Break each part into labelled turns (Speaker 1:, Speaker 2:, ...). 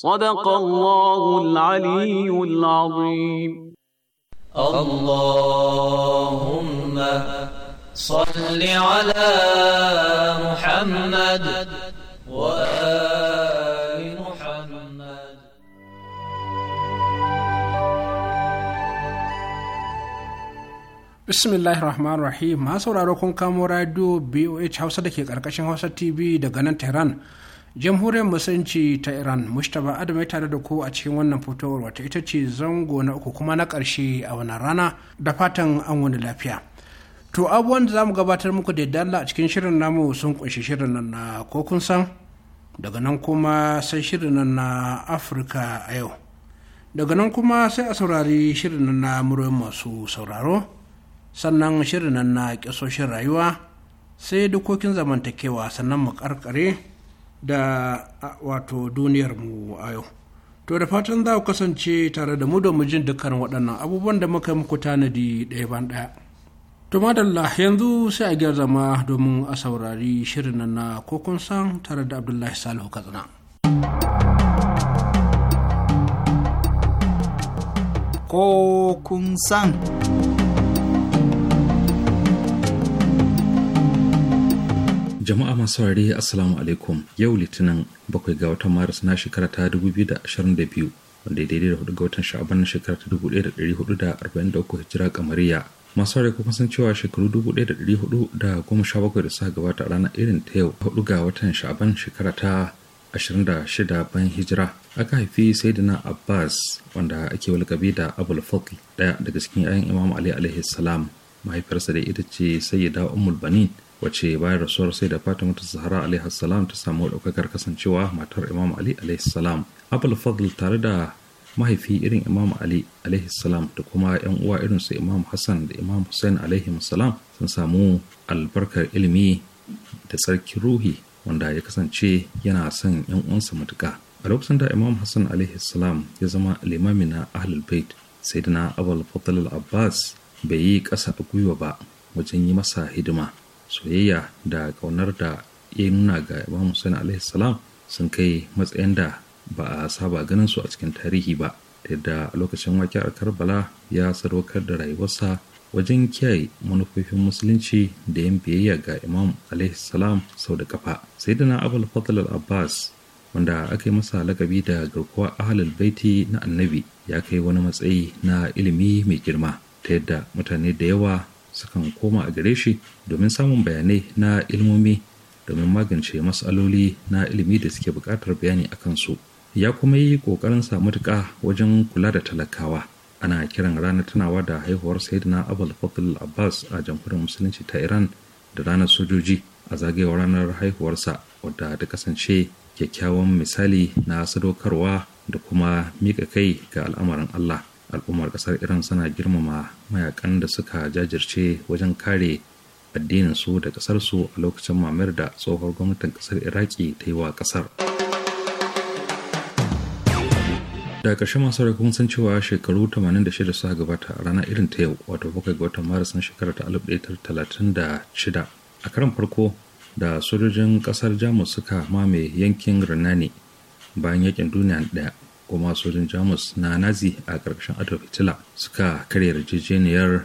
Speaker 1: صدق الله العلي العظيم
Speaker 2: اللهم صل على محمد وآل
Speaker 3: محمد
Speaker 4: بسم الله الرحمن الرحيم ما سوراركم كامورادو بي او اتش هاوسا دكي قرقشن هاوسا تي بي دغنان تهران jamhuriyar musulunci ta iran mustapha adam ya tare da ku a cikin wannan fitowar wata ita ce zango na uku kuma na ƙarshe a wannan rana da fatan an wani lafiya to abubuwan da za mu gabatar muku da yadda a cikin shirin namu sun kunshi shirin nan na ko kun san daga nan kuma sai shirin nan na afirka a yau daga nan kuma sai a saurari shirin nan na muryoyin masu sauraro sannan shirin nan na ƙasoshin rayuwa sai dukokin zamantakewa sannan mu karkare da wato duniyar mu a yau to da fatan za ku kasance tare da mu da mu jin dukkan waɗannan abubuwan da muka muku tanadi ɗaya ban ɗaya to madalla yanzu sai a gyar zama domin a saurari shirin nan na kokon san tare da abdullahi salihu katsina
Speaker 1: kokun san
Speaker 5: Jama'a masu saurare Assalamu alaikum yau Litinin bakwai ga watan Maris na shekara ta 2022 wanda daidai da hudu ga watan Sha'aban na shekara ta 1443 hijira kamariya. Masu saurare kuma san cewa shekaru 1417 da suka gabata a ranar irin ta yau hudu ga watan Sha'aban shekara ta 26 bayan hijira aka haifi sayyidina Abbas wanda ake walƙabi da Abul Fadl daya daga cikin 'ya'yan Imam Ali alaihi salam mahaifiyarsa da ita ce sayyida Ummul Banin wace bayan rasuwar sai da fatima ta zahara alaihi ta samu ɗaukakar kasancewa matar imam ali alaihi salam abul fadl tare da mahaifi irin imam ali alaihi da kuma yan uwa irin su imam hassan da imam hussein alaihi sun samu albarkar ilimi da tsarki ruhi wanda ya kasance yana son yan uwansa matuka a lokacin da imam hassan alaihi ya zama limami na ahlul bait sai da na abul fadl abbas bai yi ƙasa a gwiwa ba wajen yi masa hidima soyayya da ƙaunar da ya nuna ga imam hussein alaihi salam sun kai matsayin da ba a saba ganin su a cikin tarihi ba lokacin yadda a lokacin a karbala ya sadaukar da rayuwarsa wajen kiyaye manufofin musulunci da yin biyayya ga imam alaihi salam sau da kafa sai da na abul fadl abbas wanda aka yi masa lakabi da garkuwa ahalul baiti na annabi ya kai wani matsayi na ilimi mai girma ta yadda mutane da yawa sukan koma a gare shi domin samun bayanai na ilmomi domin magance matsaloli na ilimi da suke bukatar bayani a kansu ya kuma yi ƙoƙarin sa matuƙa wajen kula da talakawa ana kiran ranar tunawa da haihuwar sayyidina abul fadl abbas a jamhuriyar musulunci ta iran da ranar sojoji a zagayewar ranar haihuwarsa wadda ta kasance kyakkyawan misali na sadaukarwa da kuma miƙa kai ga al'amarin allah al'ummar kasar iran suna girmama mayakan da suka jajirce wajen kare addininsu da kasar a lokacin mamayar da tsohuwar gwamnatin kasar iraki ta yi wa kasar da ƙarshe masu rai kun san cewa shekaru 86 suka gabata a rana irin ta yau wato bakwai ga watan maris na shekarar ta shida a karan farko da sojojin kasar jamus suka mame yankin renani bayan yakin duniya daya kuma sojin jamus na nazi a ƙarƙashin ado fitila suka karya yarjejeniyar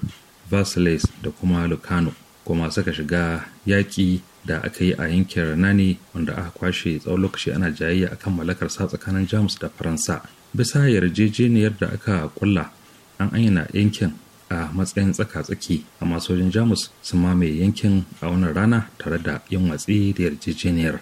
Speaker 5: versailles da kuma lucano kuma suka shiga yaƙi da aka yi a yankin ranani wanda aka kwashe tsawon lokaci ana jayayya akan mallakar sa tsakanin jamus da faransa bisa yarjejeniyar da aka kulla an ayyana yankin a matsayin tsaka-tsaki amma sojin jamus sun mamaye yankin a wannan rana tare da yin watsi da yarjejeniyar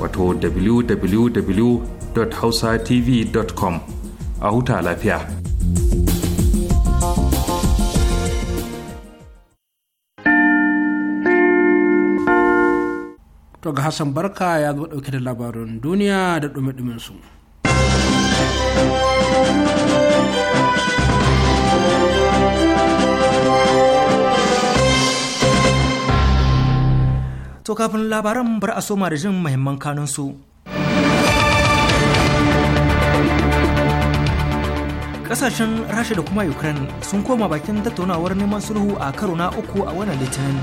Speaker 5: wato www.hausatv.com a huta lafiya.
Speaker 4: ga Hassan Barka ya zo ɗauke da labarin duniya da ɗume-ɗumensu. su.
Speaker 2: To kafin labaran bar a soma da jin muhimman kanunsu. Ƙasashen Rasha da kuma Ukraine sun koma bakin tattaunawar neman sulhu a karo na uku a wannan litinin.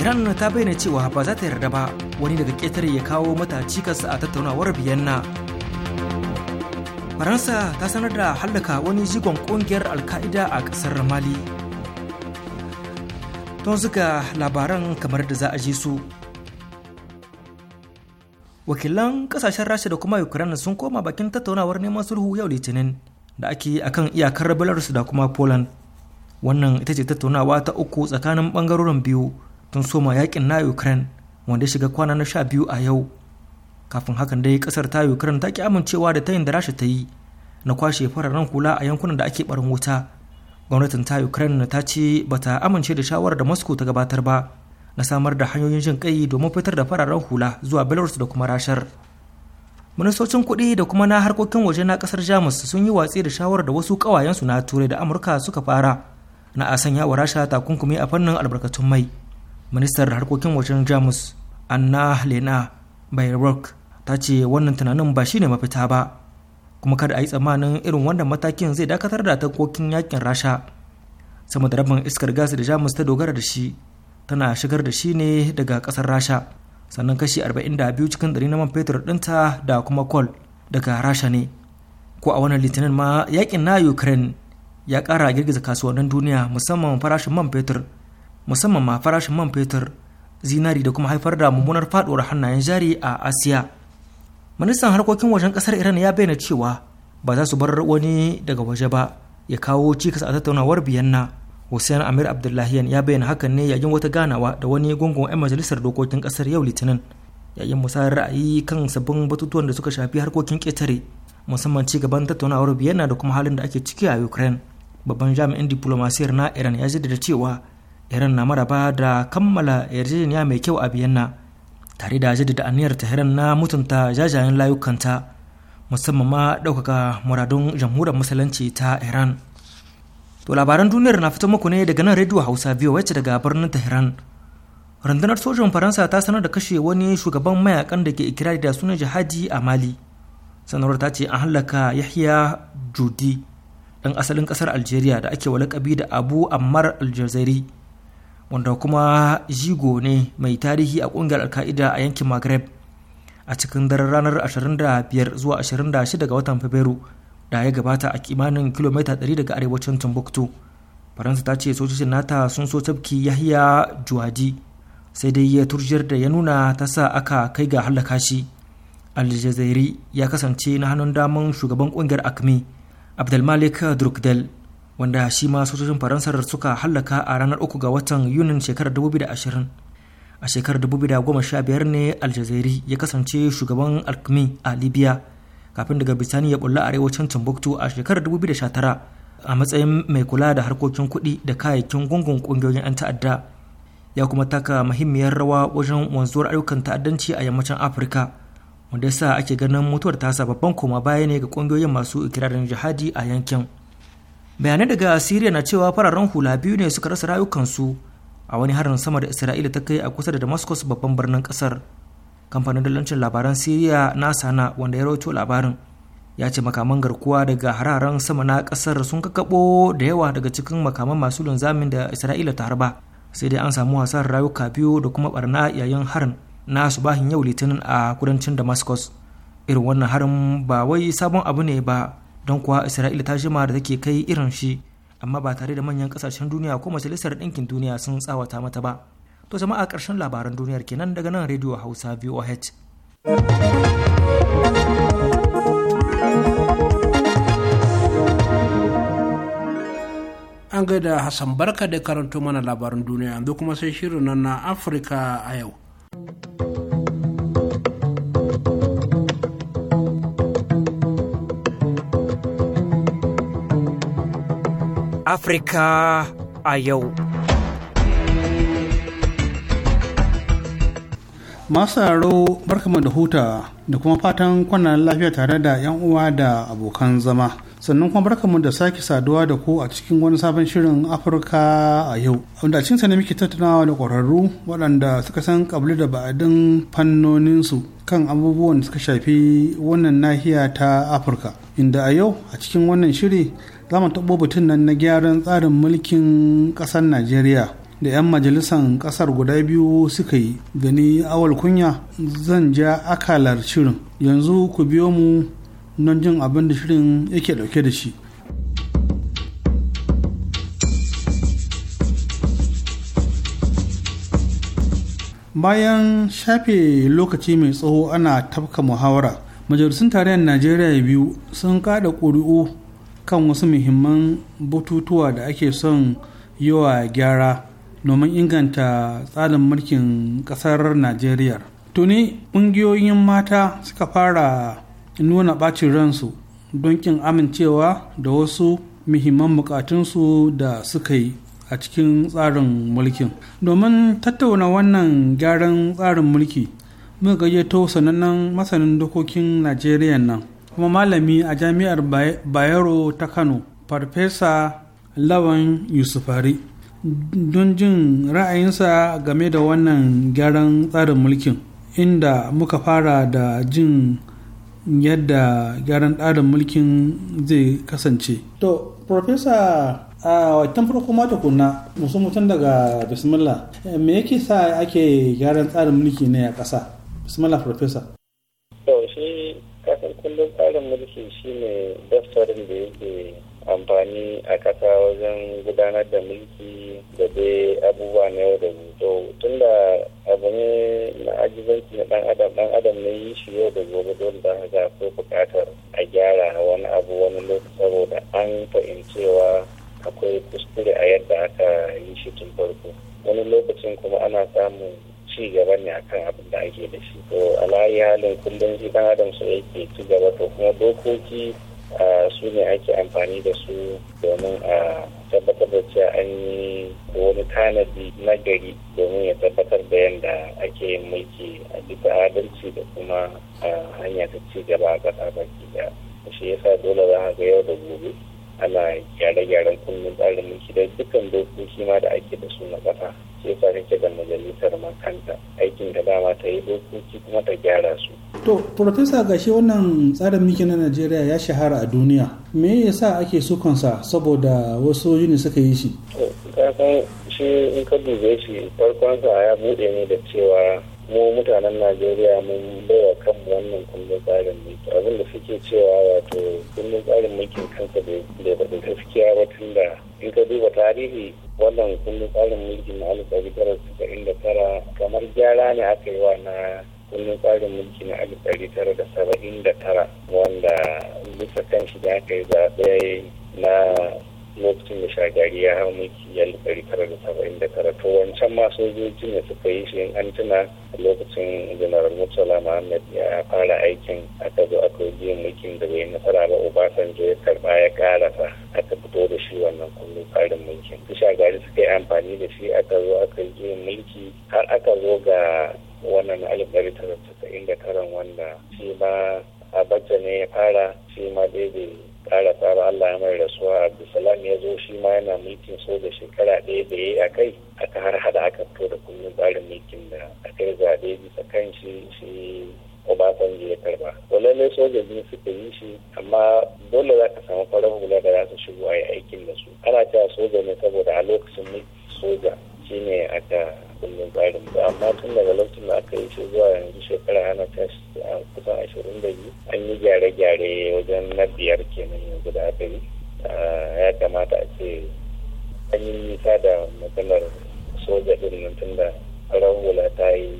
Speaker 2: Iran ta bayyana cewa ba za ta yarda ba wani daga ƙetare ya kawo mata cikas a tattaunawar Vienna. Faransa ta sanar da hallaka wani jigon ƙungiyar Alka'ida a ƙasar Mali. don suka labaran kamar da za a ji su wakilan kasashen rasha da kuma ukraine sun koma bakin tattaunawar neman sulhu yau litinin da ake a kan iyakar belarus da kuma poland wannan ita ce tattaunawa ta uku tsakanin bangarorin biyu tun soma yakin na ukraine wanda shiga kwana na sha biyu a yau kafin hakan dai kasar ta ukraine ta ki amincewa da tayin da rasha ta yi na kwashe fararen hula a yankunan da ake barin wuta gwamnatin ta ukraine ta ce ba ta amince da shawarar da moscow ta gabatar ba na samar da hanyoyin jin kai domin fitar da fararen hula zuwa belarus da kuma rashar ministocin kuɗi da kuma na harkokin waje na ƙasar jamus sun yi watsi da shawarar da wasu ƙawayensu na turai da amurka suka fara na a sanya wa rasha takunkumi a fannin albarkatun mai ministar harkokin wajen jamus anna lena bayrock ta ce wannan tunanin ba shi ne mafita ba kuma kada a yi tsammanin irin wannan matakin zai dakatar da tankokin yakin rasha sama da rabin iskar gas da jamus ta dogara da shi tana shigar da shi ne daga kasar rasha sannan kashi 42 cikin 100 na man fetur ɗinta da kuma kol daga rasha ne ko a wannan litinin ma yakin na ukraine ya ƙara girgiza kasuwannin duniya musamman farashin man fetur musamman ma farashin man fetur zinari da kuma haifar da mummunar faɗuwar hannayen jari a asiya ministan harkokin wajen kasar iran ya bayyana cewa ba za su bar wani daga waje ba ya kawo cikas a tattaunawar biyanna hussein amir abdullahiyan ya bayyana hakan ne yayin wata ganawa da wani gungun 'yan majalisar dokokin kasar yau litinin yayin musayar ra'ayi kan sabbin batutuwan da suka shafi harkokin ƙetare musamman ci gaban tattaunawar biyanna da kuma halin da ake ciki a ukraine babban jami'in diplomasiyar na iran ya jaddada cewa iran na maraba da kammala yarjejeniya mai kyau a biyanna tare da jaddada aniyar tehran na mutunta jajayen layukanta musamman ma ɗaukaka muradun jamhuriyar musulunci ta iran to labaran duniyar na fito muku ne daga nan rediyo hausa biyu wacce daga birnin tehran rundunar sojan faransa ta sanar da kashe wani shugaban mayakan da ke ikirari da sunan jihadi a mali sanarwar ta ce an halaka yahya judi dan asalin ƙasar algeria da ake walakabi da abu ammar aljazairi wanda kuma jigo ne mai tarihi a kungiyar alka'ida a yankin maghreb a cikin daren ranar 25 zuwa 26 ga watan fabrairu da ya gabata a kimanin kilomita 100 daga arewacin timbuktu faransa ta ce sojojin nata sun so tafki yahya juwaji sai dai ya turjiyar da ya nuna ta sa aka kai ga hallaka shi aljazairi ya kasance na hannun daman shugaban kungiyar akmi abdulmalik drukdel wanda shi ma sojojin faransar suka hallaka a ranar uku ga watan yunin shekarar 2020 a shekarar 2015 ne aljazairi ya kasance shugaban alkmi a libya kafin daga bisani ya bulla arewacin timbuktu a shekarar 2019 a matsayin mai kula da harkokin kuɗi da kayayyakin gungun ƙungiyoyin 'yan ta'adda ya kuma taka muhimmiyar rawa wajen wanzuwar ayyukan ta'addanci a yammacin afirka wanda ya sa ake ganin mutuwar tasa babban koma baya ne ga ƙungiyoyin masu ikirarin jihadi a yankin bayanai daga siriya na cewa fararen hula biyu ne suka rasa rayukansu a wani harin sama da isra'ila ta kai a kusa da damascus babban birnin kasar kamfanin dalancin labaran siriya na sana wanda ya rawaito labarin ya ce makaman garkuwa daga hararen sama na kasar sun kakabo da yawa daga cikin makaman masu linzamin da isra'ila ta harba sai dai an samu wasan rayuka biyu da kuma barna yayin harin na subahin yau litinin a kudancin damascus irin wannan harin ba wai sabon abu ne ba don kuwa isra'ila ta jima da take kai irin shi amma ba tare da manyan kasashen duniya ko majalisar ɗinkin duniya sun tsawata mata ba to jama'a ƙarshen labaran duniyar kenan daga nan rediyo hausa voh
Speaker 4: an gaida hassan barka da karanto mana labaran duniya yanzu kuma sai shirin nan na afirka a yau
Speaker 2: Afirka a yau.
Speaker 3: Masu barkama da huta da kuma fatan kwanan lafiya tare da 'yan uwa da abokan zama. sannan kuma barkamu da sake saduwa da ku a cikin wani sabon shirin afirka a yau wanda a cikinsa ne muke tattaunawa da ƙwararru waɗanda suka san ƙabli da ba'adin fannoninsu kan abubuwan da suka shafi wannan nahiya ta afirka inda a yau a cikin wannan shiri za mu taɓo batun nan na gyaran tsarin mulkin ƙasar najeriya da 'yan majalisan ƙasar guda biyu suka yi gani awal kunya zan ja akalar shirin yanzu ku biyo mu don jin abin da shirin yake ɗauke da shi bayan shafe lokaci mai tsawo ana tafka muhawara majalisun tarayyar najeriya biyu sun kada ƙuri'u kan wasu muhimman bututuwa da ake son yi wa gyara domin inganta tsarin mulkin ƙasar najeriya tuni ƙungiyoyin mata suka fara nuna ɓacin ransu don ƙin amincewa da wasu muhimman bukatunsu da suka yi a cikin tsarin mulkin domin tattauna wannan gyaran tsarin mulki muka gayyato sanannen masanin dokokin najeriya nan kuma malami a jami'ar bayero ta kano farfesa lawan yusufari don jin ra'ayinsa game da wannan gyaran tsarin mulkin inda muka fara da jin yadda gyaran tsarin mulkin zai kasance to profesa a watan farko mata kuna musu mutum daga bismillah me yake sa ake gyaran tsarin mulki ne a ƙasa bismillah profesa
Speaker 6: kullum tsarin mulki shine daftarin da yake amfani a ƙasa wajen gudanar da mulki da dai abubuwa na yau da gobe tun da abu ne na ajibanci na ɗan adam ɗan adam ne yi shi yau da gobe don da haka ko buƙatar a gyara wani abu wani lokaci saboda an fahimcewa akwai kuskure a yadda aka yi shi tun farko wani lokacin kuma ana samun ci gaba ne akan abin da ake da shi to alayi halin kullum shi dan adam su yake ci gaba to kuma dokoki su ne ake amfani da su domin a tabbatar da cewa an yi wani tanadi na gari domin ya tabbatar da yadda ake yin mulki a duka adalci da kuma hanya ta ci gaba a ƙasa baki da shi yasa dole za a ga yau da gobe ana gyare-gyaren kullum tsarin mulki da dukkan dokoki ma da ake da su na ƙasa sai sa rike da majalisar makanta aikin da dama ta yi dokoki kuma ta gyara su
Speaker 3: to profesa gashi wannan tsarin miki na najeriya ya shahara a duniya me yasa ake sukansa saboda wasu yini suka yi shi
Speaker 6: to kasan shi in ka dube shi farkonsa ya buɗe ne da cewa mu mutanen najeriya mun baiwa kan wannan kundin tsarin mulki abin da suke cewa wato kundin tsarin mulkin kansa bai da gaskiya ba tun da in ka duba tarihi wannan kundin tsarin mulki na alif ɗari tara saba'in da tara kamar gyara ne aka yi wa na kundin tsarin mulki na alif ɗari tara da saba'in da tara wanda bisa kan shi da aka yi zaɓe na lokacin da shagari ya hau mulki ya ɗari tara da saba'in da tara to wancan ma sojojin da suka yi shi an tuna lokacin general murtala muhammad ya fara aikin aka zo aka yi mulkin da bai nasara ba obasanjo ya karba ya karasa aka fito da shi wannan kullum tsarin mulkin su shagari suka yi amfani da shi aka zo aka yi mulki har aka zo ga wannan alif ɗari tara da tara wanda shi ma abacha ne ya fara shi ma daidai kara tsara Allah ya mai rasuwa Abdulsalam ya zo shi ma yana mulkin soja shekara ɗaya da ya yi a kai aka har hada aka fito da kundin tsarin mulkin da aka yi zaɓe bisa kan shi shi Obasanjo ya karba. Walalai soja suka yi shi amma dole za ka samu farar hula da za su shigo a yi aikin da su. Ana cewa soja ne saboda a lokacin mulkin soja shine aka kundin tsarin ba amma tun daga lokacin da aka yi shi zuwa yanzu shekara ana a kusan ashirin da biyu an yi gyare-gyare wajen na biyar kenan yanzu da aka yi ya kamata a ce an yi nisa da matsalar soja ɗin nan tun da rahula ta yi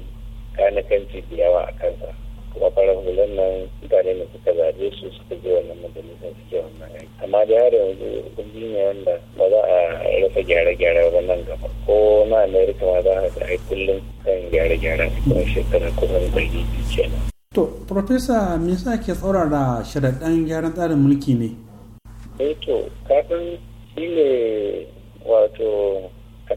Speaker 6: kanakanci da yawa a kansa kuma farar hulɗar nan mutane da suka zaɓe su suka je wannan majalisar suke wannan aiki amma da yare yanzu kundi ne wanda ba za a rasa gyare-gyare ba nan gaba ko na amerika ma za a ga ai kullum kan gyare-gyaren kuma shekara kuma ɗari kenan.
Speaker 3: to profesa me yasa ke tsaurara sharaɗan gyaran tsarin mulki ne.
Speaker 6: eh to kafin shi ne wato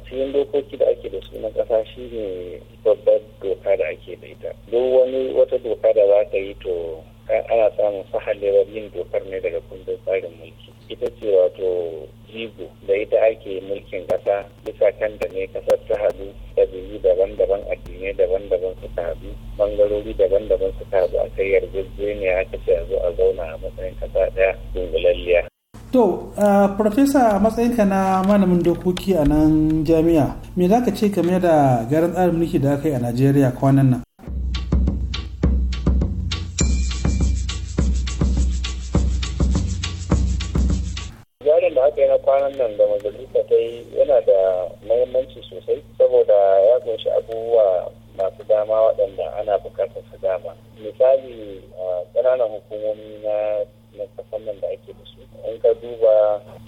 Speaker 6: cikin dokoki da ake da su na ƙasa shi ne babbar doka da ake da ita duk wani wata doka da za ka yi to ana samun sahalewar yin dokar ne daga kundin tsarin mulki ita ce wato jigo da ita ake mulkin ƙasa bisa kan da ne ƙasar ta haɗu ƙabilu daban-daban addinai daban-daban suka hadu bangarori daban-daban suka hadu a kai yarjejeniya aka ce a zo a zauna a matsayin ƙasa ɗaya dungulalliya
Speaker 3: to profesa a matsayinka na malamin dokoki a nan jami'a me za ka ce game da garin tsarin mulki da aka yi a najeriya kwanan nan
Speaker 6: da aka yi na kwanan nan da majalisa ta yi yana da mahimmanci sosai saboda ya kunshi abubuwa masu dama waɗanda ana bukatar su dama misali ƙananan hukumomi na na kasan da ake da su in ka duba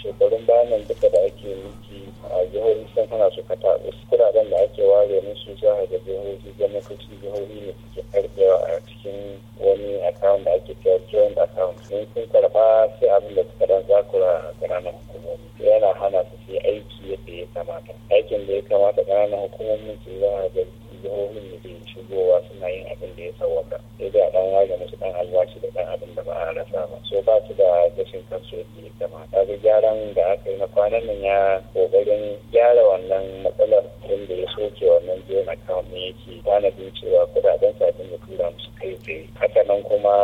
Speaker 6: shekarun bayanan duka da ake miki a jihohi sun hana su kata wasu kuraren da ake ware musu za a ga jihohi gwamnatoci jihohi ne suke karbewa a cikin wani account da ake cewa joint account in sun karba sai abin da suka dan zakura ƙananan hukumomi yana hana su su aiki yadda ya kamata aikin da ya kamata ƙananan hukumomin su za a ga jihohin da ke shigowa suna yin abin da ya sawaka sai da dan waje musu dan albashi da dan abin da ba a rasa ba so ba su da gashin kansu yadda ya kamata ga gyaran da aka yi na kwanan nan ya kokarin gyara wannan matsalar da ya soke wannan biyan account ne yake tanadin cewa kudaden sabbin da tura musu kai tsaye haka nan kuma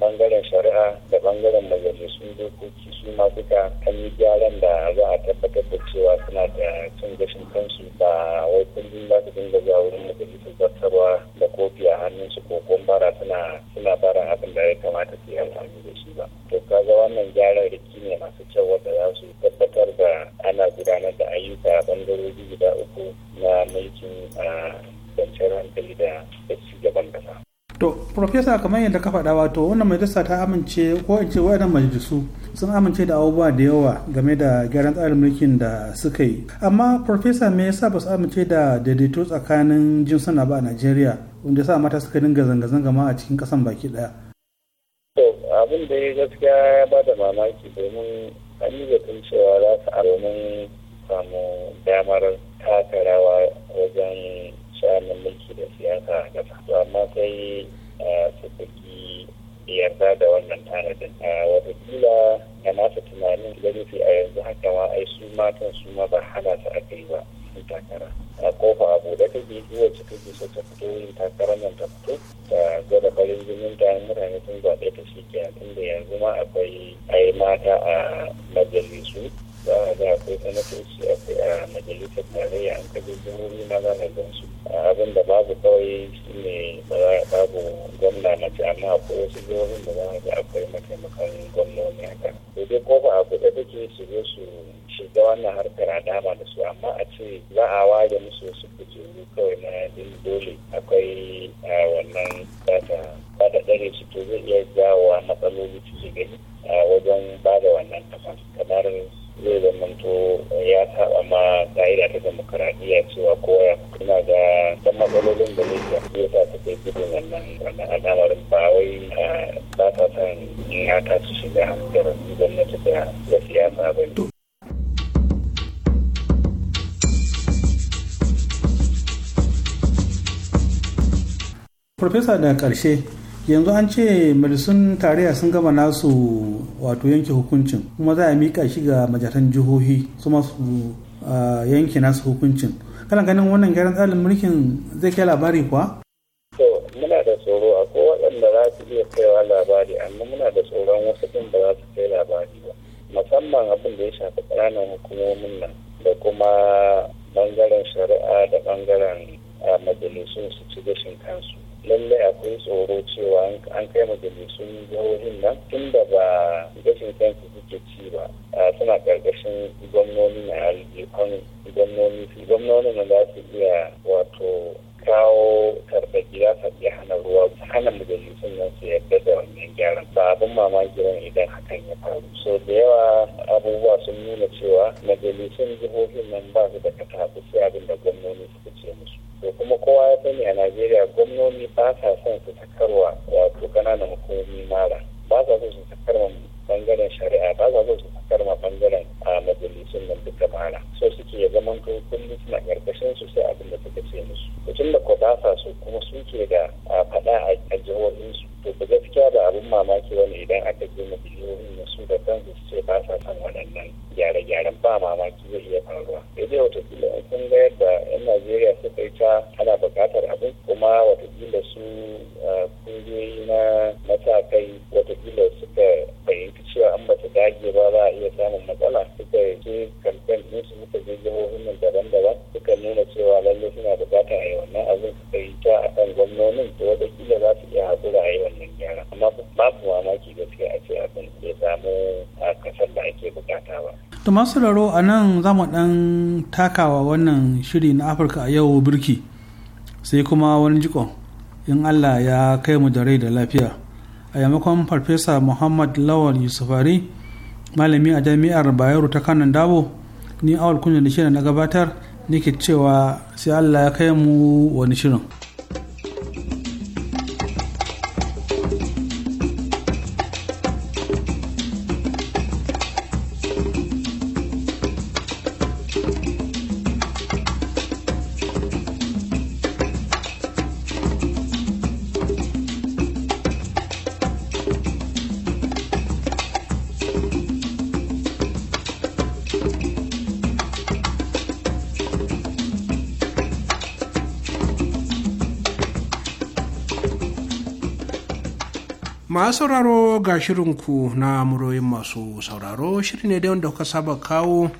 Speaker 6: bangaren shari'a da bangaren majalisun dokoki su ma duka an yi gyaran da za a tabbatar da cewa suna da cin gashin kansu ba wai kullum ba su dinga zuwa wurin majalisar zartarwa da kofi a hannunsu ko gombara suna suna bara abin da ya kamata su yi amfani da shi ba to kaga wannan gyaran riki ne masu kyau wanda za su tabbatar da ana gudanar da ayyuka a bangarori guda uku na mulkin kwanciyar hankali da shugaban
Speaker 3: kasa. to profesa kamar yadda ka faɗa wato wannan majalisa ta amince ko in ce waɗannan majalisu sun amince da abubuwa da yawa game da gyaran tsarin mulkin da suka yi amma farfesa me yasa ba su amince da daidaito tsakanin jinsuna ba a najeriya wanda sa mata suka dinga zanga-zanga ma a cikin kasan baki daya
Speaker 6: abin da ya gaskiya ya ba da mamaki domin an yi zaton cewa za su aromin samu damar taka rawa wajen sha'anin mulki da siyasa a ƙasa amma sai eh, su yarda da wannan tanadin a watakila da nasa tunanin da nufi a yanzu haka ma ai su matan su ma ba hana su aka yi ba sun takara a kofa abu da ta ke yi cikin ta ta fito yin takara nan ta fito ta gwada farin jinin ta mutane sun zaɓe ta shi kenan tunda yanzu ma akwai ai mata a majalisu za a ga akwai sanatoci akwai a majalisar tarayya an kaje jihohi ma za a su abin da babu kawai shi ne babu gwamna mace amma akwai wasu jihohin da za a ga akwai mataimakan gwamnoni haka to dai ko ba a kuɗe take su zo su shiga wannan harkar a dama da su amma a ce za a ware musu wasu kujeru kawai na dole akwai wannan data ba da ɗare su to zai iya jawo matsaloli cikin gani wajen ba da wannan kafa kamar zai zamanto ya saba ma ka'ida ta demokaradiyya cewa kowa ya kuna ga dan matsalolin da zai shafi ya sa suka kai gudun wannan wannan al'amarin ba wai ba sa son ya ta su shiga na gwamnati da siyasa ba ne.
Speaker 3: Profesa da ƙarshe yanzu an ce majalisun tarayya sun gama nasu wato yanke hukuncin kuma za a mika shi ga majatan jihohi su masu yanke nasu hukuncin kana ganin wannan gyaran tsarin mulkin zai kai labari kuwa
Speaker 6: muna da tsoro a ko waɗanda za su iya kaiwa labari amma muna da tsoron wasu ɗin ba za su kai labari ba musamman abin da ya shafi ƙananan hukumomin nan da kuma ɓangaren shari'a da ɓangaren majalisun su ci gashin kansu Lallai akwai tsoro cewa an kai majalisun jihohin nan tun da ba gashin kansu suke ci ba suna karkashin gwamnoni na aljihun gwamnoni su gwamnoni na za su iya wato kawo tarbaci za su iya hana ruwa hana majalisun nan su yadda da wannan gyaran ba abin mamaki ne idan hakan ya faru so da yawa abubuwa sun nuna cewa majalisun jihohin nan ba su da katabu sai abin da gwamnoni suka ce musu to kuma kowa ya sani a najeriya gwamnoni ba sa son su sakarwa wato ƙananan hukumomi mara ba sa son su sakarwa bangaren shari'a ba sa son su sakarwa bangaren a majalisun nan duka mara so suke ya zama to kullum suna ƙarƙashin su sai abin da suka ce musu mutum da ko ba sa so kuma suke da faɗa a jihohinsu to da gaskiya ba abin mamaki wani idan aka je na biliyoyin na su da kansu su ce ba sa son waɗannan gyare-gyaren ba mamaki zai iya faruwa sai dai watakila in kun ga yadda yan najeriya suka yi ta ana buƙatar abin kuma watakila su kungiyoyi na matakai watakila suka fahimci cewa an bata dage ba za a iya samun matsala suka je kamfen ɗin su suka je jihohin nan daban-daban suka nuna cewa lallai suna buƙatar a yi wannan abin suka yi ta a akan gwamnonin to watakila za su iya haƙura a yi wannan gyara amma babu mamaki gaskiya a ce abin bai samu a kasar da ake bukata ba.
Speaker 3: to masu raro a nan za mu dan takawa wannan shiri na afirka a yau birki sai kuma wani jikon in allah ya kai mu da rai da lafiya a yamakon farfesa muhammad lawal yusufari malami a jami'ar bayero ta kanan dabo ni awal kunya da shirin na gabatar nake cewa sai allah ya kai mu wani shirin
Speaker 4: sauraro ga shirinku na muroyin masu sauraro shiri ne da wanda kuka saba kawo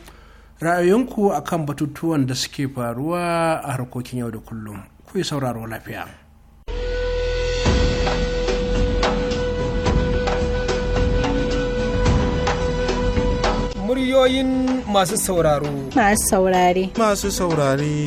Speaker 4: ra'ayoyinku akan batutuwan da suke faruwa a harkokin yau da kullum ku yi sauraro lafiya muryoyin
Speaker 1: masu sauraro
Speaker 3: masu saurare
Speaker 2: masu saurare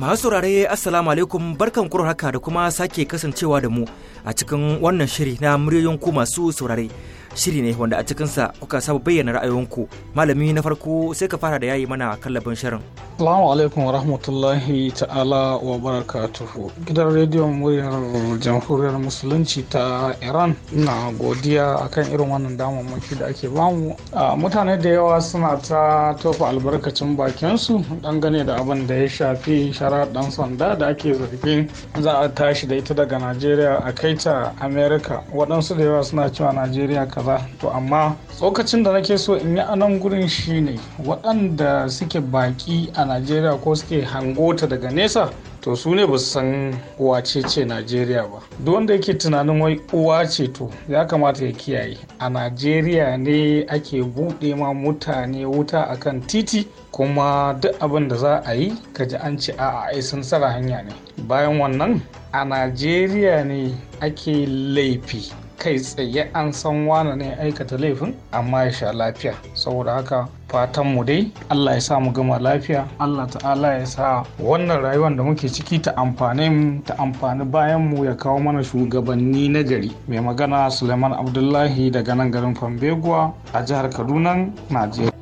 Speaker 2: Masu saurare Assalamu alaikum barkan kuro haka da kuma sake kasancewa da mu a cikin wannan shiri na muryoyin ku masu saurare. shiri ne wanda a cikinsa kuka saba bayyana ra'ayoyinku malami na farko sai ka fara da yayi mana kallabin shirin
Speaker 1: Assalamu alaikum wa rahmatullahi
Speaker 2: ta'ala wa barakatuhu
Speaker 1: gidan rediyon muryar jamhuriyar musulunci ta iran na godiya akan irin wannan damammaki da ake bamu mutane da yawa suna ta tofa albarkacin bakinsu dangane da abin da ya shafi sharar sanda da ake zargin za a tashi da ita daga najeriya a kai ta amerika waɗansu da yawa suna cewa najeriya kaza to amma tsokacin da nake so in yi a nan gurin shine waɗanda suke baƙi a najeriya ko suke hangota daga nesa to su ne ba su san wace ce najeriya ba duk wanda yake tunanin wai uwa ce to ya kamata ya kiyaye a najeriya ne ake buɗe ma mutane wuta akan titi kuma duk abin da za a yi ka ji an ce a'a ai sun tsara hanya ne bayan wannan a najeriya ne ake laifi kai tsaye an san wane ne aikata laifin amma ya sha lafiya saboda haka fatan mu dai Allah ya sa mu gama lafiya Allah ta'ala ya sa wannan rayuwar da muke ciki ta amfane mu ta amfani bayan mu ya kawo mana shugabanni na gari mai magana Suleiman Abdullahi daga nan garin Fambeguwa a jihar Kaduna Najeriya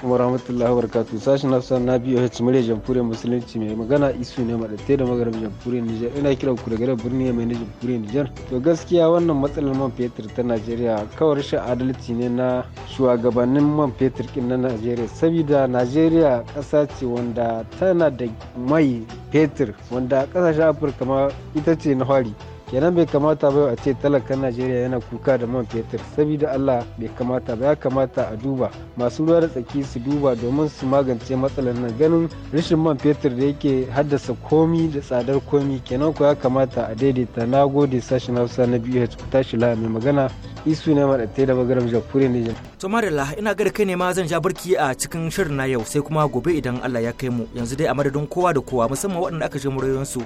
Speaker 4: alaikum warahmatullahi wabarakatuh sashen hafsa na biyu h murya jamhuriyar musulunci mai magana isu ne madatte da magana jamhuriyar nijar ina kira ku daga birni mai na jamhuriyar nijar to gaskiya wannan matsalar man fetur ta najeriya kawar rashin adalci ne na shugabannin man fetur kin na najeriya saboda najeriya ƙasa ce wanda tana da mai fetur wanda ƙasashen afirka ma ita ce na fari kenan bai kamata ba a ce talakan najeriya yana kuka da man fetur saboda allah bai kamata ba ya kamata a duba masu ruwa da tsaki su duba domin su magance matsalar nan ganin rashin man fetur da yake haddasa komi da tsadar komi kenan ko ya kamata a daidaita na gode sashen hausa na biyu ku tashi la mai magana isu ne maɗatai da magaram ne jan.
Speaker 2: to marilla ina gada kai ne ma zan ja barki a cikin shirin na yau sai kuma gobe idan allah ya kai mu yanzu dai a madadin kowa da kowa musamman waɗanda aka je su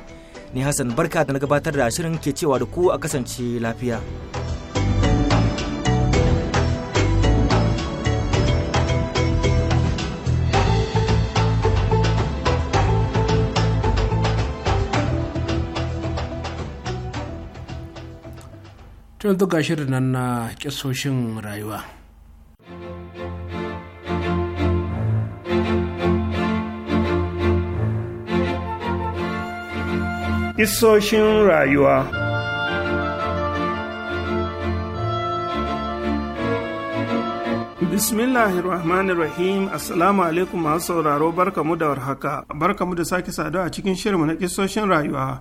Speaker 2: ni hassan barka da na gabatar da shirin ke cewa da ku a kasance lafiya
Speaker 4: tun ga shirin nan na kisoshin rayuwa
Speaker 7: Isoshin rayuwa Bismillahirrahmanirrahim Assalamu alaikum masu sauraro barkamu da warhaka barkamu da sake saduwa a cikin shirinmu na kisoshin rayuwa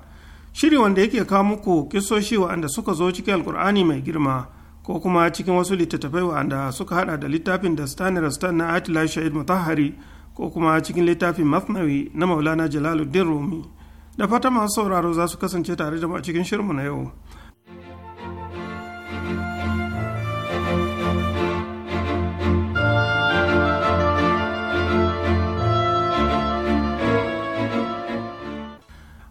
Speaker 7: shiri wanda yake kawo muku kisoshi wanda suka zo cikin alkur'ani mai girma ko kuma cikin wasu littattafai wanda suka hada da littafin da stan rastan na atila shahid mutahari ko kuma cikin littafin mafnawi na maulana jalaluddin rumi da fata masu sauraro za su kasance tare da mu a cikin shirinmu na yau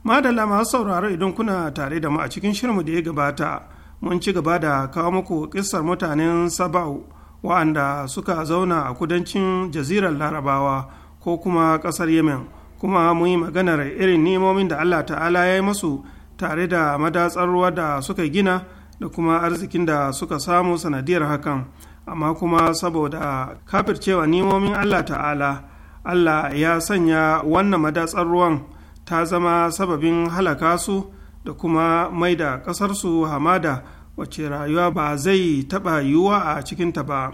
Speaker 7: madalla masu sauraro idan kuna tare da mu a cikin shirinmu da ya gabata mun ci gaba da kawo muku kissar mutanen sabau wa'anda suka zauna a kudancin jazirar larabawa ko kuma ƙasar yemen kuma mu yi maganar irin nimomin da Allah ta'ala ya yi masu tare da madatsar ruwa da suka gina da kuma arzikin da suka samu sanadiyar hakan amma kuma saboda cewa nimomin Allah ta'ala Allah ya sanya wannan madatsar ruwan ta zama sababin halaka su da kuma mai da ƙasarsu hamada wace rayuwa ba zai taɓa yiwuwa a cikinta ba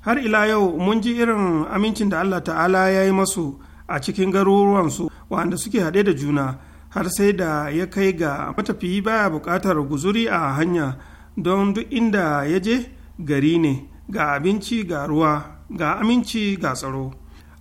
Speaker 7: har ila yau mun ji irin amincin da Allah ta'ala ya yi masu a cikin garuruwansu waɗanda suke haɗe da juna har sai da ya kai ga matafiyi baya buƙatar guzuri a hanya don duk inda ya je gari ne ga abinci ga ruwa ga aminci ga tsaro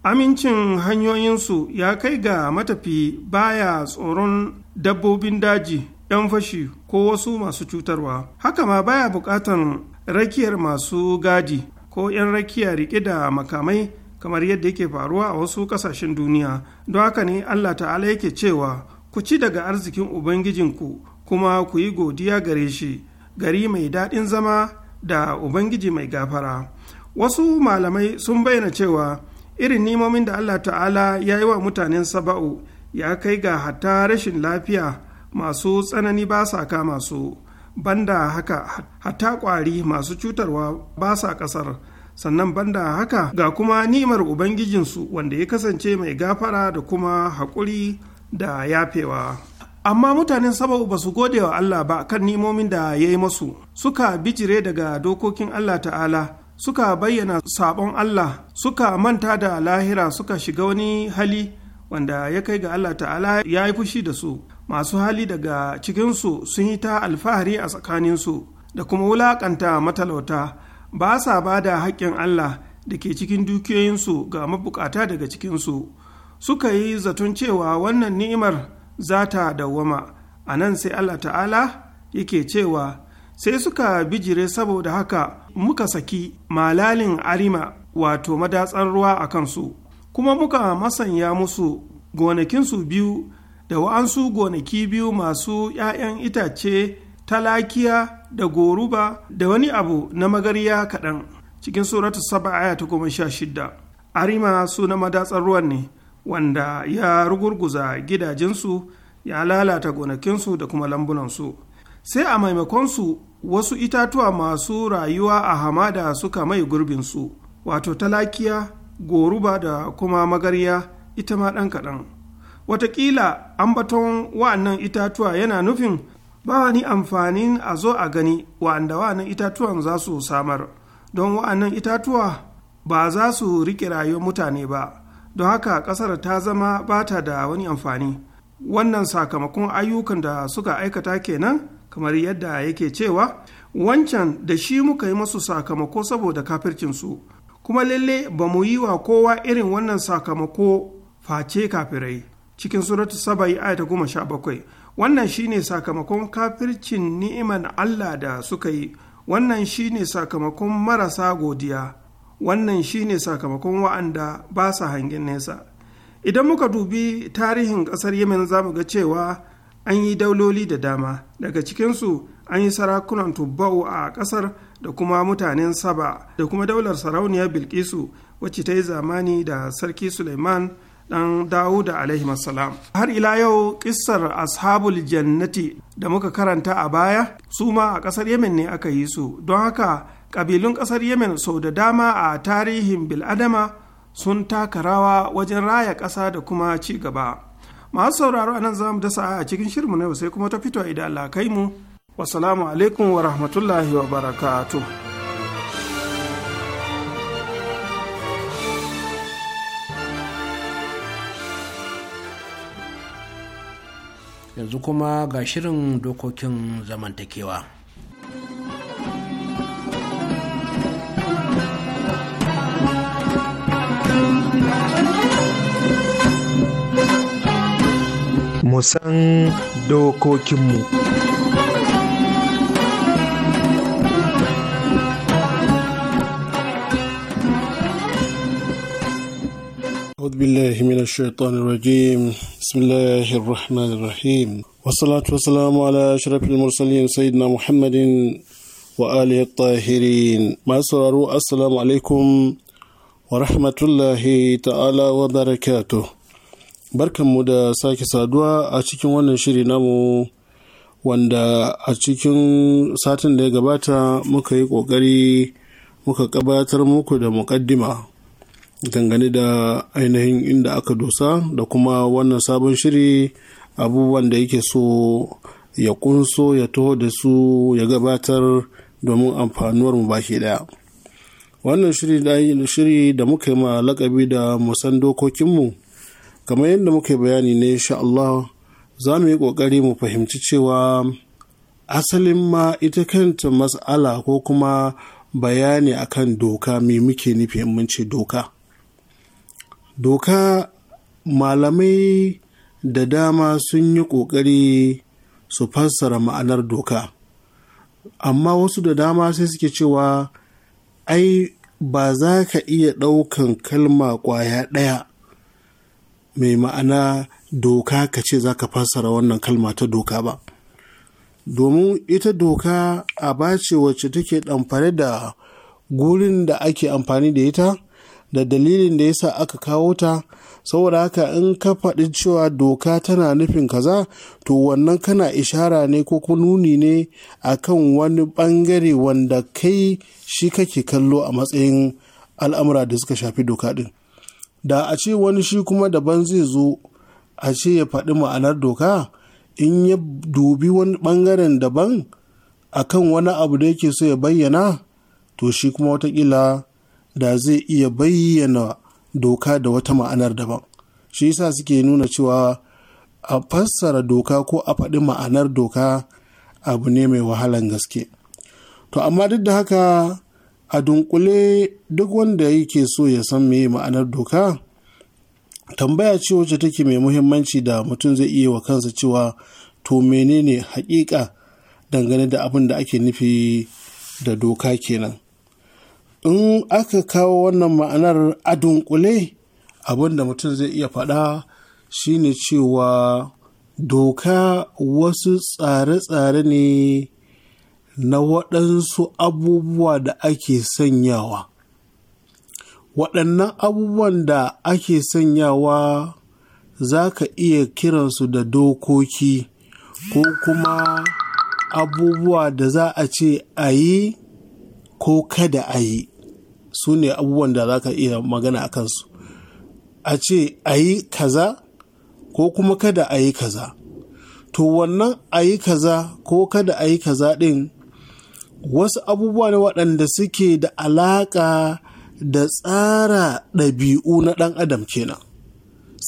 Speaker 7: amincin hanyoyinsu ya kai ga matafiyi baya tsoron dabbobin daji 'yan fashi ko wasu masu cutarwa haka ma baya buƙatar rakiyar masu gadi ko 'yan rakiya riƙe da makamai kamar yadda yake faruwa a wasu kasashen duniya don haka ne allah ta'ala yake cewa ku ci daga arzikin ubangijinku kuma ku yi godiya gare shi gari mai daɗin zama da ubangiji mai gafara wasu malamai sun bayyana cewa irin nimomin da allah ta'ala ya yi wa mutanen saba'u ya kai ga hatta rashin lafiya masu tsanani ba sa kama su banda haka hatta kwari masu cutarwa ba sa kasar sannan banda haka ga kuma ni'imar ubangijinsu wanda ya kasance mai gafara da kuma haƙuri da yafewa amma mutanen saba'u ba su gode wa Allah ba kan nimomin da ya yi masu suka bijire daga dokokin Allah ta'ala suka bayyana sabon Allah suka manta da lahira suka shiga wani hali wanda ya kai ga Allah ta'ala ya yi fushi da su masu hali daga cikinsu sun yi ta alfahari a tsakaninsu da kuma wulaƙanta matalauta ba sa ba da haƙƙin Allah da ke cikin dukiyoyinsu ga mabukata daga cikinsu suka yi zaton cewa wannan ni'imar za ta dawwama a nan sai Allah ta'ala yake cewa sai suka bijire saboda haka muka saki malalin arima wato madatsar ruwa a kansu kuma muka masanya musu gonakinsu biyu da wa'ansu gonaki biyu masu ‘ya'yan itace talakiya da goruba da wani abu na magarya kaɗan cikin suratu saba aya ta goma sha shidda arima suna madatsar ruwan ne wanda ya rugurguza gidajensu ya lalata gonakinsu da kuma lambunansu sai a maimakonsu wasu itatuwa masu rayuwa a hamada suka mai gurbinsu wato talakiya goruba da kuma magarya ita ma ɗan kaɗan watakila ambaton wa'annan itatuwa yana nufin ba wani amfanin a zo a gani wa'anda wa'annan itatuwan za su samar don wa'annan itatuwa ba za su riƙe rayuwar mutane ba don haka ƙasar ta zama ba ta da wani amfani wannan sakamakon ayyukan da suka aikata kenan kamar yadda yake cewa wancan da shi muka yi masu sakamako saboda kafircinsu kuma lalle ba mu yi wa kowa irin wannan sakamako face kafirai cikin suratu saba'i ayata goma sha bakwai wannan shine sakamakon kafircin ni'iman Allah da suka yi wannan shine sakamakon marasa godiya wannan shine sakamakon wa'anda ba sa hangen nesa idan muka dubi tarihin ƙasar yemen za mu ga cewa an yi dauloli da dama daga cikinsu an yi sarakunan tubba'u a ƙasar da kuma mutanen saba da kuma daular sarauniya bilkisu wacce ta yi zamani da sarki suleiman dan Dawuda alaihi salam. Har ila yau kissar ashabul jannati da muka karanta a baya su ma a ƙasar Yemen ne aka yi su don haka ƙabilun ƙasar Yemen sau da dama a tarihin bil'adama sun taka rawa wajen raya ƙasa da kuma ci gaba. Masu sauraro a nan za mu dasa a cikin shirmu na yau sai kuma ta fito idan Allah kai mu. Wasalamu alaikum wa rahmatullahi wa barakatuh.
Speaker 4: yanzu kuma ga shirin dokokin zamantakewa.
Speaker 8: Musan dokokinmu. أعوذ بالله من الشيطان الرجيم بسم الله الرحمن الرحيم والصلاة والسلام على أشرف المرسلين سيدنا محمد وآله الطاهرين ما سرروا السلام عليكم ورحمة الله تعالى وبركاته barkan mu da sake saduwa a cikin wannan shiri namu wanda a cikin satin da ya gabata muka yi ƙoƙari muka gabatar muku da muƙaddima dangane da ainihin inda aka dosa da kuma wannan sabon shiri abubuwan da yake so ya kunso ya taho da su ya gabatar domin amfanuwar mu baki daya wannan shiri da shiri da muka yi ma lakabi da musan dokokinmu kamar yadda muka bayani ne insha Allah za mu yi ƙoƙari mu fahimci cewa asalin ma ita kanta mas'ala ko kuma bayani akan doka me muke nufi mun ce doka doka malamai da dama sun yi ƙoƙari su fassara ma'anar doka amma wasu da dama sai suke cewa ai ba za ka iya ɗaukan kalma ƙwaya ɗaya mai ma'ana doka ka ce za ka fassara wannan kalma ta doka ba domin ita doka a bace wacce take ɗamfare da gurin da ake amfani da ita da dalilin da yasa aka kawo ta saboda haka in ka faɗi cewa doka tana nufin kaza to wannan kana ishara ne ko kuma nuni ne akan wani bangare wanda kai shi kake kallo a matsayin al'amura da suka shafi doka ɗin da a ce wani shi kuma daban zai zo a ce ya faɗi ma'anar doka in ya dubi wani bangaren daban akan wani abu da yake so ya bayyana to shi kuma watakila da zai iya bayyana doka da wata ma'anar daban shi yasa suke nuna cewa a fassara doka ko a faɗi ma'anar doka abu ne mai wahalan gaske to amma duk da haka a dunkule duk wanda yake so ya san me ma'anar doka tambaya ce wacce take mai muhimmanci da mutum zai iya wa kansa cewa to menene haƙiƙa dangane da abin da ake nufi da doka kenan in aka kawo wannan ma'anar a dunkule abinda mutum zai iya faɗa shine cewa doka wasu tsare-tsare ne na waɗansu abubuwa da ake sanyawa waɗannan abubuwan da ake sanyawa za ka iya kiransu da dokoki ko kuma abubuwa da za a ce a yi ko kada a yi su ne abubuwan da za ka iya magana a kansu a ce a yi kaza ko kuma kada a yi kaza to wannan a yi kaza ko kada a yi kaza ɗin wasu abubuwa ne waɗanda suke da alaƙa da tsara ɗabi'u na ɗan adam kenan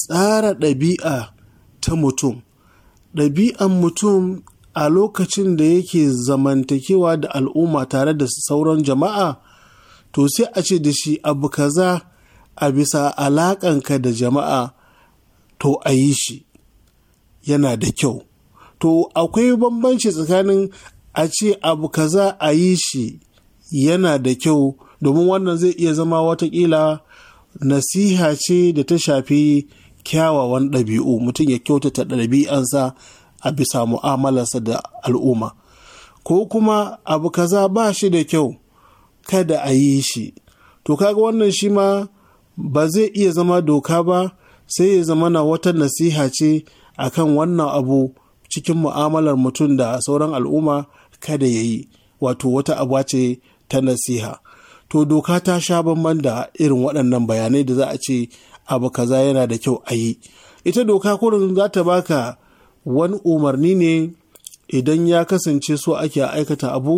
Speaker 8: tsara ɗabi'a ta mutum ɗabi'an mutum a lokacin da yake zamantakewa da al'umma tare da sauran jama'a to sai a ce da shi abu kaza a bisa alaƙanka da jama'a to a yi shi yana da kyau to akwai bambanci tsakanin a ce abu kaza a yi shi yana da kyau domin wannan zai iya zama watakila nasiha ce da ta shafi kyawawan ɗabi'u mutum ya kyautata ɗabi'ansa a bisa mu'amalarsa da al'umma ko kuma abu kaza ba shi da kyau kada a yi shi to kaga wannan shi ma ba zai iya zama doka ba sai ya zama na wata nasiha ce a kan wannan abu cikin mu'amalar mutum da sauran al'umma kada ya yi wato wata abuwa ce ta nasiha to doka ta sha bambam da irin waɗannan bayanai da za a ce abu kaza yana da kyau a yi ita doka kurin za ta baka wani umarni ne idan ya kasance so ake aikata abu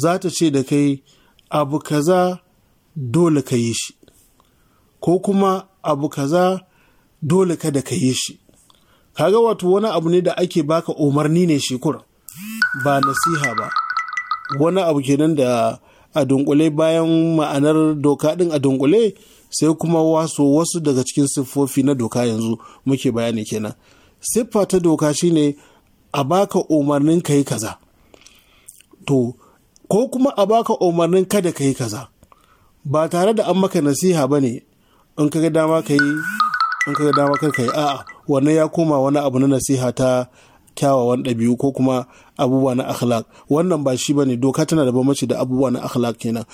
Speaker 8: za ta ce da kai abu kaza dole ka yi shi ko kuma abu kaza dole kada ka yi shi kaga wato wani abu ne da ake baka umarni ne shi ba nasiha ba wani abu kenan da a dunkule bayan ma'anar doka din a dunkule sai kuma wasu wasu daga cikin siffofi na doka yanzu muke bayani kenan siffa ta doka shine a baka umarnin ka yi kaza to ko kuma a baka umarnin kada ka yi kaza ba tare da an maka nasiha ba ne in ka ga dama ka yi in ka ga dama kar ka yi a'a wannan ya koma wani abu na nasiha ta kyawawan ɗabi'u ko kuma abubuwa na akhlaq wannan ba shi bane doka tana da bambanci da abubuwa na akhlaq kenan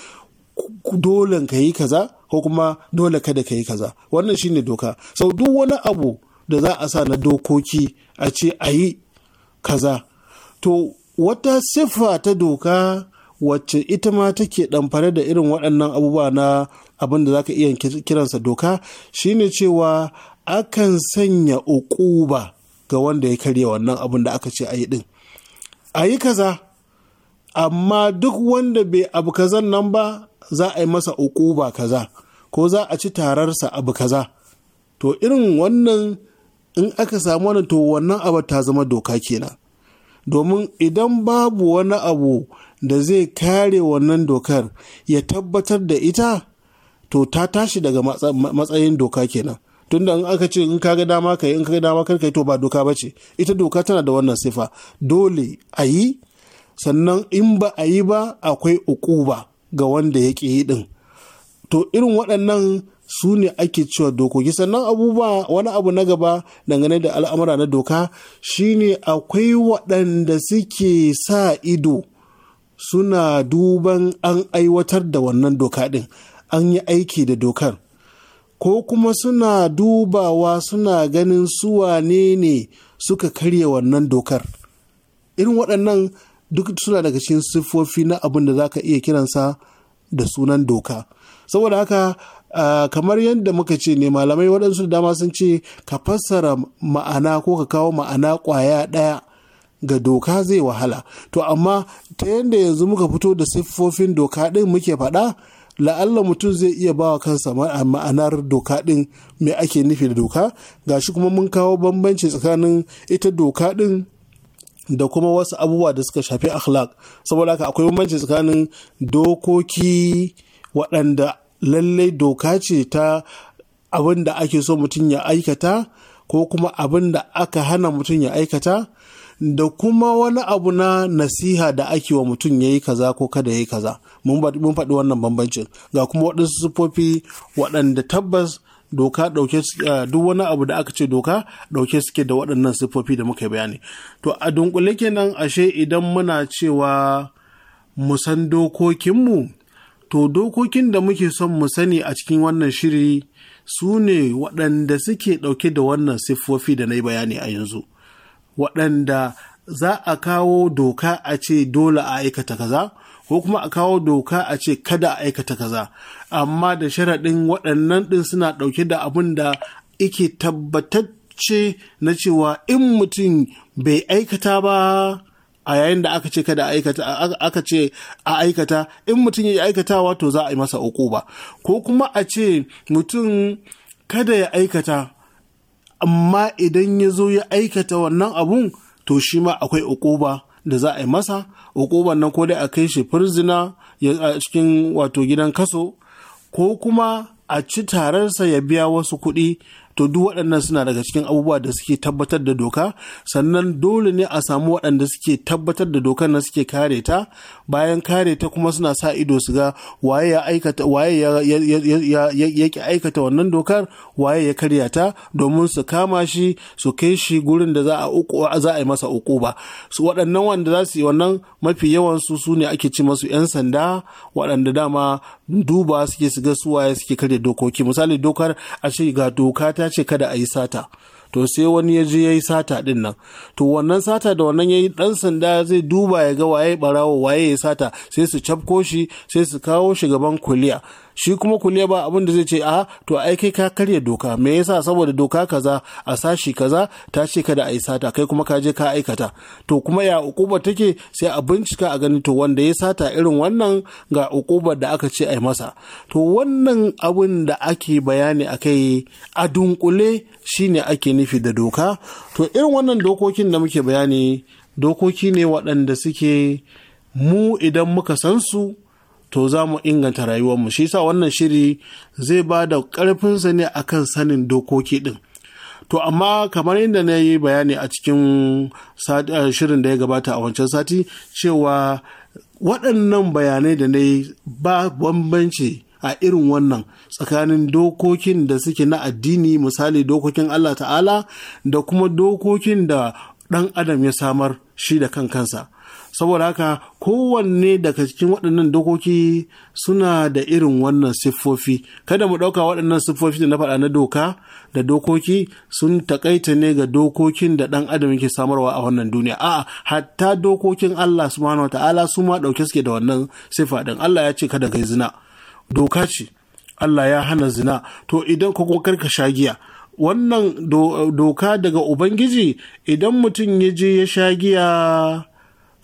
Speaker 8: dole ka yi kaza ko kuma dole kada ka yi kaza wannan shine doka sau duk wani abu da za a sa na dokoki a ce a yi kaza to wata siffa ta doka wacce ita ma take ɗamfare da irin waɗannan abubuwa na abin da zaka iya kiransa doka shine cewa akan sanya uquba ga wanda ya karya wannan abin da aka ce ayi yi ɗin a yi kaza amma duk wanda bai abu kazan nan ba za a yi masa uquba kaza ko za a ci tararsa abu kaza to irin wannan in aka samu wannan to wannan abu ta zama doka kenan domin idan babu wani abu da zai kare wannan dokar ya tabbatar da ita to ta tashi daga matsayin doka kenan tunda in aka ce in kaga dama kai in kaga dama kar kai to ba doka ba ce ita doka tana da wannan sifa dole a yi sannan in ba a yi ba akwai ukuba ga wanda ya ƙi din to irin waɗannan su ne ake cewa dokoki sannan abubuwa wani abu na gaba dangane da al'amura na doka shine akwai waɗanda suke sa ido suna duban an aiwatar da wannan doka ɗin an yi aiki da dokar ko kuma suna dubawa suna ganin suwa ne suka karya wannan dokar irin waɗannan duk suna daga cikin siffofi na abin da za ka iya kiransa da sunan doka saboda haka kamar yadda muka ce ne malamai waɗansu da dama sun ce ka fassara ma'ana ko ka kawo ma'ana ƙwaya ɗaya ga doka zai wahala to amma ta yadda yanzu muka fito da siffofin doka ɗin muke faɗa la'alla mutum zai iya bawa kansa ma'anar doka ɗin mai ake nufi da doka ga shi kuma mun kawo bambanci tsakanin ita doka ɗin da kuma wasu abubuwa da suka shafi akhlaq saboda haka akwai bambanci tsakanin dokoki waɗanda lallai doka ce ta abin da ake so mutum ya aikata ko kuma abin da aka hana mutum ya aikata da kuma wani abu na nasiha da ake wa mutum ya yi kaza ko kada ya yi kaza mun faɗi wannan bambancin ga kuma waɗansu sufofi waɗanda tabbas doka ɗauke eh, duk wani abu da aka ce doka ɗauke suke da waɗannan siffofi da muka bayani to a dunkule kenan ashe idan muna cewa mu san dokokinmu to dokokin da muke son mu sani a cikin wannan shiri su ne waɗanda suke ɗauke da wannan siffofi da na yi bayani a yanzu waɗanda za a kawo doka a ce dole a aikata kaza ko kuma a kawo doka a ce kada a aikata kaza amma da sharaɗin waɗannan ɗin suna ɗauke da abin da ike tabbatacce na cewa in mutum bai aikata ba a yayin da aka ce kada aka ce a aikata in mutum ya aikata wato za a yi masa uku ba ko kuma a ce mutum kada ya aikata amma idan ya zo ya aikata wannan abun to shi ma akwai ukuba da za a yi masa ukuban nan ko dai a kai shi firzina a cikin wato gidan kaso ko kuma a ci tararsa ya biya wasu kuɗi to duk waɗannan suna daga cikin abubuwa da suke tabbatar da doka sannan dole ne a samu waɗanda suke tabbatar da dokar na suke kare ta bayan kare ta kuma suna sa ido su ga waye ya aikata waye ya ya aikata wannan dokar waye ya karya ta domin su kama shi su kai shi gurin da za a za a yi masa uku ba su waɗannan wanda za su yi wannan mafi yawan su su ne ake ci masu 'yan sanda waɗanda dama duba suke su ga su waye suke karya dokoki misali dokar a ce ga doka ta ya ce kada a yi sata to sai wani ya je ya yi sata din nan to wannan sata da wannan ya yi dan sanda zai duba ya ga waye barawo waye ya sata sai su cafko shi sai su kawo shi gaban kuliya shi kuma ku ne ba abin da zai ce a to ai kai ka karya doka me yasa saboda doka kaza a sashi kaza ta ce kada a yi sata kai kuma ka je ka aikata to kuma ya ukuba take sai a bincika a gani to wanda ya sata irin wannan ga ukubar da aka ce ai masa to wannan abin da ake bayani akai a dunkule shine ake nufi da doka to irin wannan dokokin da muke bayani dokoki ne waɗanda suke mu idan muka san su to za mu inganta mu? shi sa wannan shiri zai ba da ƙarfinsa ne akan sanin dokoki ɗin to amma kamar yadda na yi bayani a cikin eh, shirin da ya gabata a wancan sati cewa waɗannan bayanai da na yi ba bambanci a irin wannan tsakanin dokokin da suke na addini misali dokokin Allah ta'ala da kuma dokokin da ɗan adam ya samar shi da kan kansa saboda haka kowanne daga cikin waɗannan dokoki suna da irin wannan siffofi kada mu ɗauka waɗannan siffofi da na faɗa na doka da dokoki sun takaita ne ga dokokin da ɗan adam yake samarwa a wannan duniya a hatta dokokin Allah subhanahu ta'ala su ma ɗauke suke da wannan siffa ɗin Allah ya ce kada kai zina doka ce Allah ya hana zina to idan ka kokar ka sha giya wannan doka daga ubangiji idan mutum ya je ya sha giya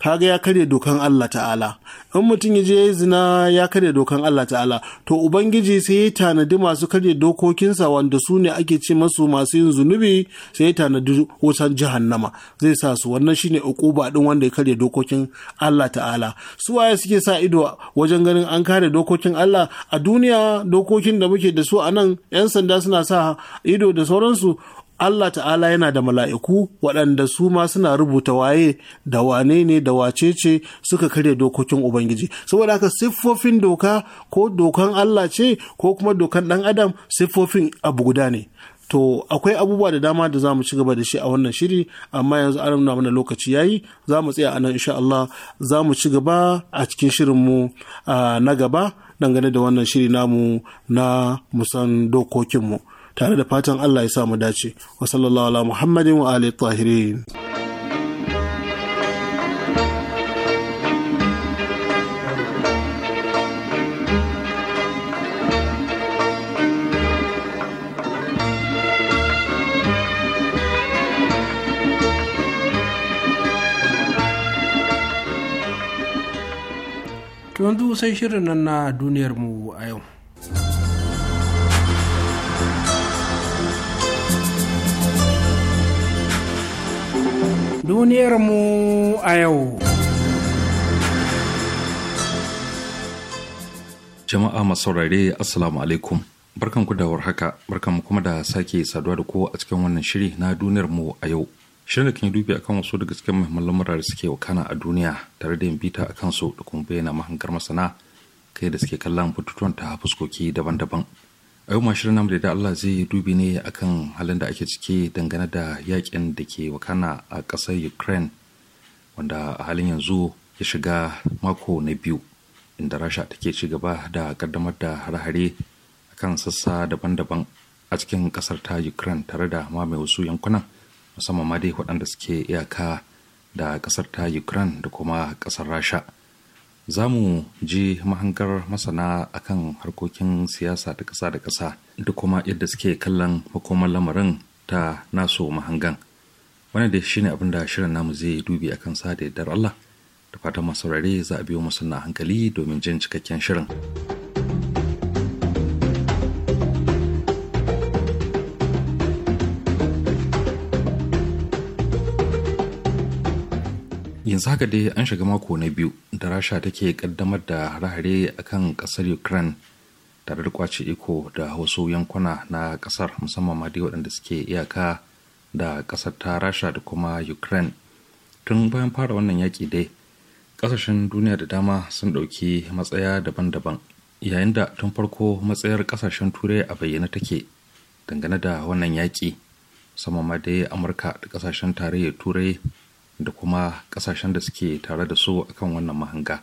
Speaker 8: kaga ya karya dokan Allah ta'ala in mutum ya je zina ya karya dokan Allah ta'ala to ubangiji sai ya tanadi masu karya dokokinsa wanda su ne ake ce masu masu yin zunubi sai ya tanadi wutan jahannama zai sa su wannan shine ukuba din wanda ya karya dokokin Allah ta'ala su waye suke sa ido wajen ganin an kare dokokin Allah a duniya dokokin da muke da su a nan yan sanda suna sa ido da sauransu Allah ta'ala yana da mala'iku waɗanda su ma suna rubuta waye da wane ne da wace ce suka karya dokokin Ubangiji. Saboda haka siffofin doka ko dokan Allah ce ko kuma dokan ɗan Adam siffofin abu guda ne. To akwai abubuwa da dama da za mu ci gaba da shi a wannan shiri amma yanzu an nuna mana lokaci yayi za mu tsaya a nan insha Allah za mu ci gaba a cikin shirinmu ah, na gaba dangane da wannan shiri namu na musan dokokinmu. tare da fatan Allah ya sa mu dace wa sallallahu ala muhammadin wa alihi tahirin
Speaker 4: yanzu sai shirin nan na duniyarmu a yau. duniyar mu a yau.
Speaker 5: Jama'a masaurare Assalamu alaikum. Barkan ku da warhaka, barkan kuma da sake saduwa da ku a cikin wannan shiri na duniyar mu a yau. Shirin da kan yi dubi akan wasu daga cikin muhimman lamura da suke wakana a duniya tare da yin bita a kansu da kuma bayyana mahangar masana kai da suke kallon batutuwan ta fuskoki daban-daban. a yau mashirin namu da Allah zai yi dubi ne akan halin da ake ciki dangane da yakin da ke wakana a ƙasar ukraine wanda a halin yanzu ya shiga mako na biyu inda rasha take ci gaba da kaddamar da hare-hare akan sassa daban-daban a cikin ƙasar ta ukraine tare da mamaye wasu yankunan musamman ma dai waɗanda suke iyaka da ƙasar ta ukraine da kuma ƙasar rasha za mu ji mahangar masana akan harkokin siyasa da ƙasa da ƙasa da kuma yadda suke kallon makomar lamarin ta naso mahangan wani da shine abin da shirin namu zai dubi akan sa da yardar Allah da fatan masu za a biyo musu na hankali domin jin cikakken shirin. yanzu haka dai an shiga mako na biyu da rasha take kaddamar da hare a kan kasar ukraine tare da kwace iko da wasu yankuna na kasar musamman ma dai waɗanda suke iyaka da kasar ta rasha da kuma ukraine tun bayan fara wannan yaƙi dai ƙasashen duniya da dama sun ɗauki matsaya daban-daban yayin da tun farko matsayar ƙasashen turai a bayyana take dangane da wannan yaƙi musamman ma dai amurka da ƙasashen tarayyar turai da kuma kasashen da suke tare da su akan wannan mahanga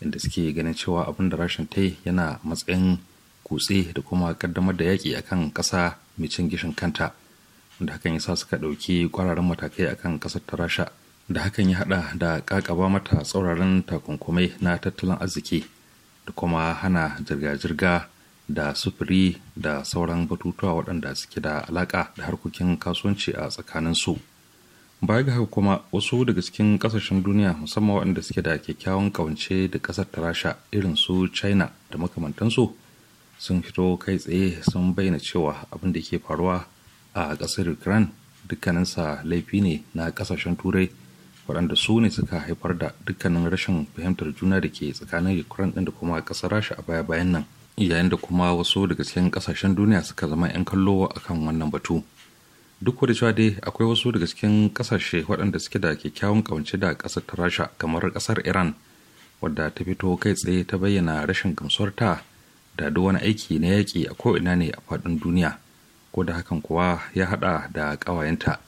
Speaker 5: inda suke ganin cewa abin da rashin ta yana matsayin kutse da kuma kaddamar da yaƙi akan ƙasa mai cin gishin kanta da hakan ya sa suka ɗauki ƙwararren matakai akan ƙasar ta rasha da hakan ya haɗa da ƙaƙaba mata tsauraran takunkumai na tattalin arziki da kuma hana jirga-jirga da sufuri da sauran batutuwa waɗanda suke da alaƙa da harkokin kasuwanci a tsakaninsu. su baya ga haka kuma wasu daga cikin kasashen duniya musamman waɗanda suke da kyakkyawan kawance da ƙasar ta rasha irin su china da makamantansu sun fito kai tsaye sun bayyana cewa abin da ke faruwa a ƙasar ukraine dukkaninsa laifi ne na ƙasashen turai waɗanda su ne suka haifar da dukkanin rashin fahimtar juna da ke tsakanin ukraine ɗin da kuma ƙasar rasha a baya-bayan nan yayin da kuma wasu daga cikin ƙasashen duniya suka zama 'yan kallo akan wannan batu duk da cewa dai akwai wasu daga cikin kasashe waɗanda suke da kyakkyawan kawance da ƙasar ta rasha kamar ƙasar iran wadda ta fito kai tsaye ta bayyana rashin gamsuwar ta da duk wani aiki na yaƙi a ko'ina ne a faɗin duniya ko da hakan kuwa ya haɗa da ƙawayenta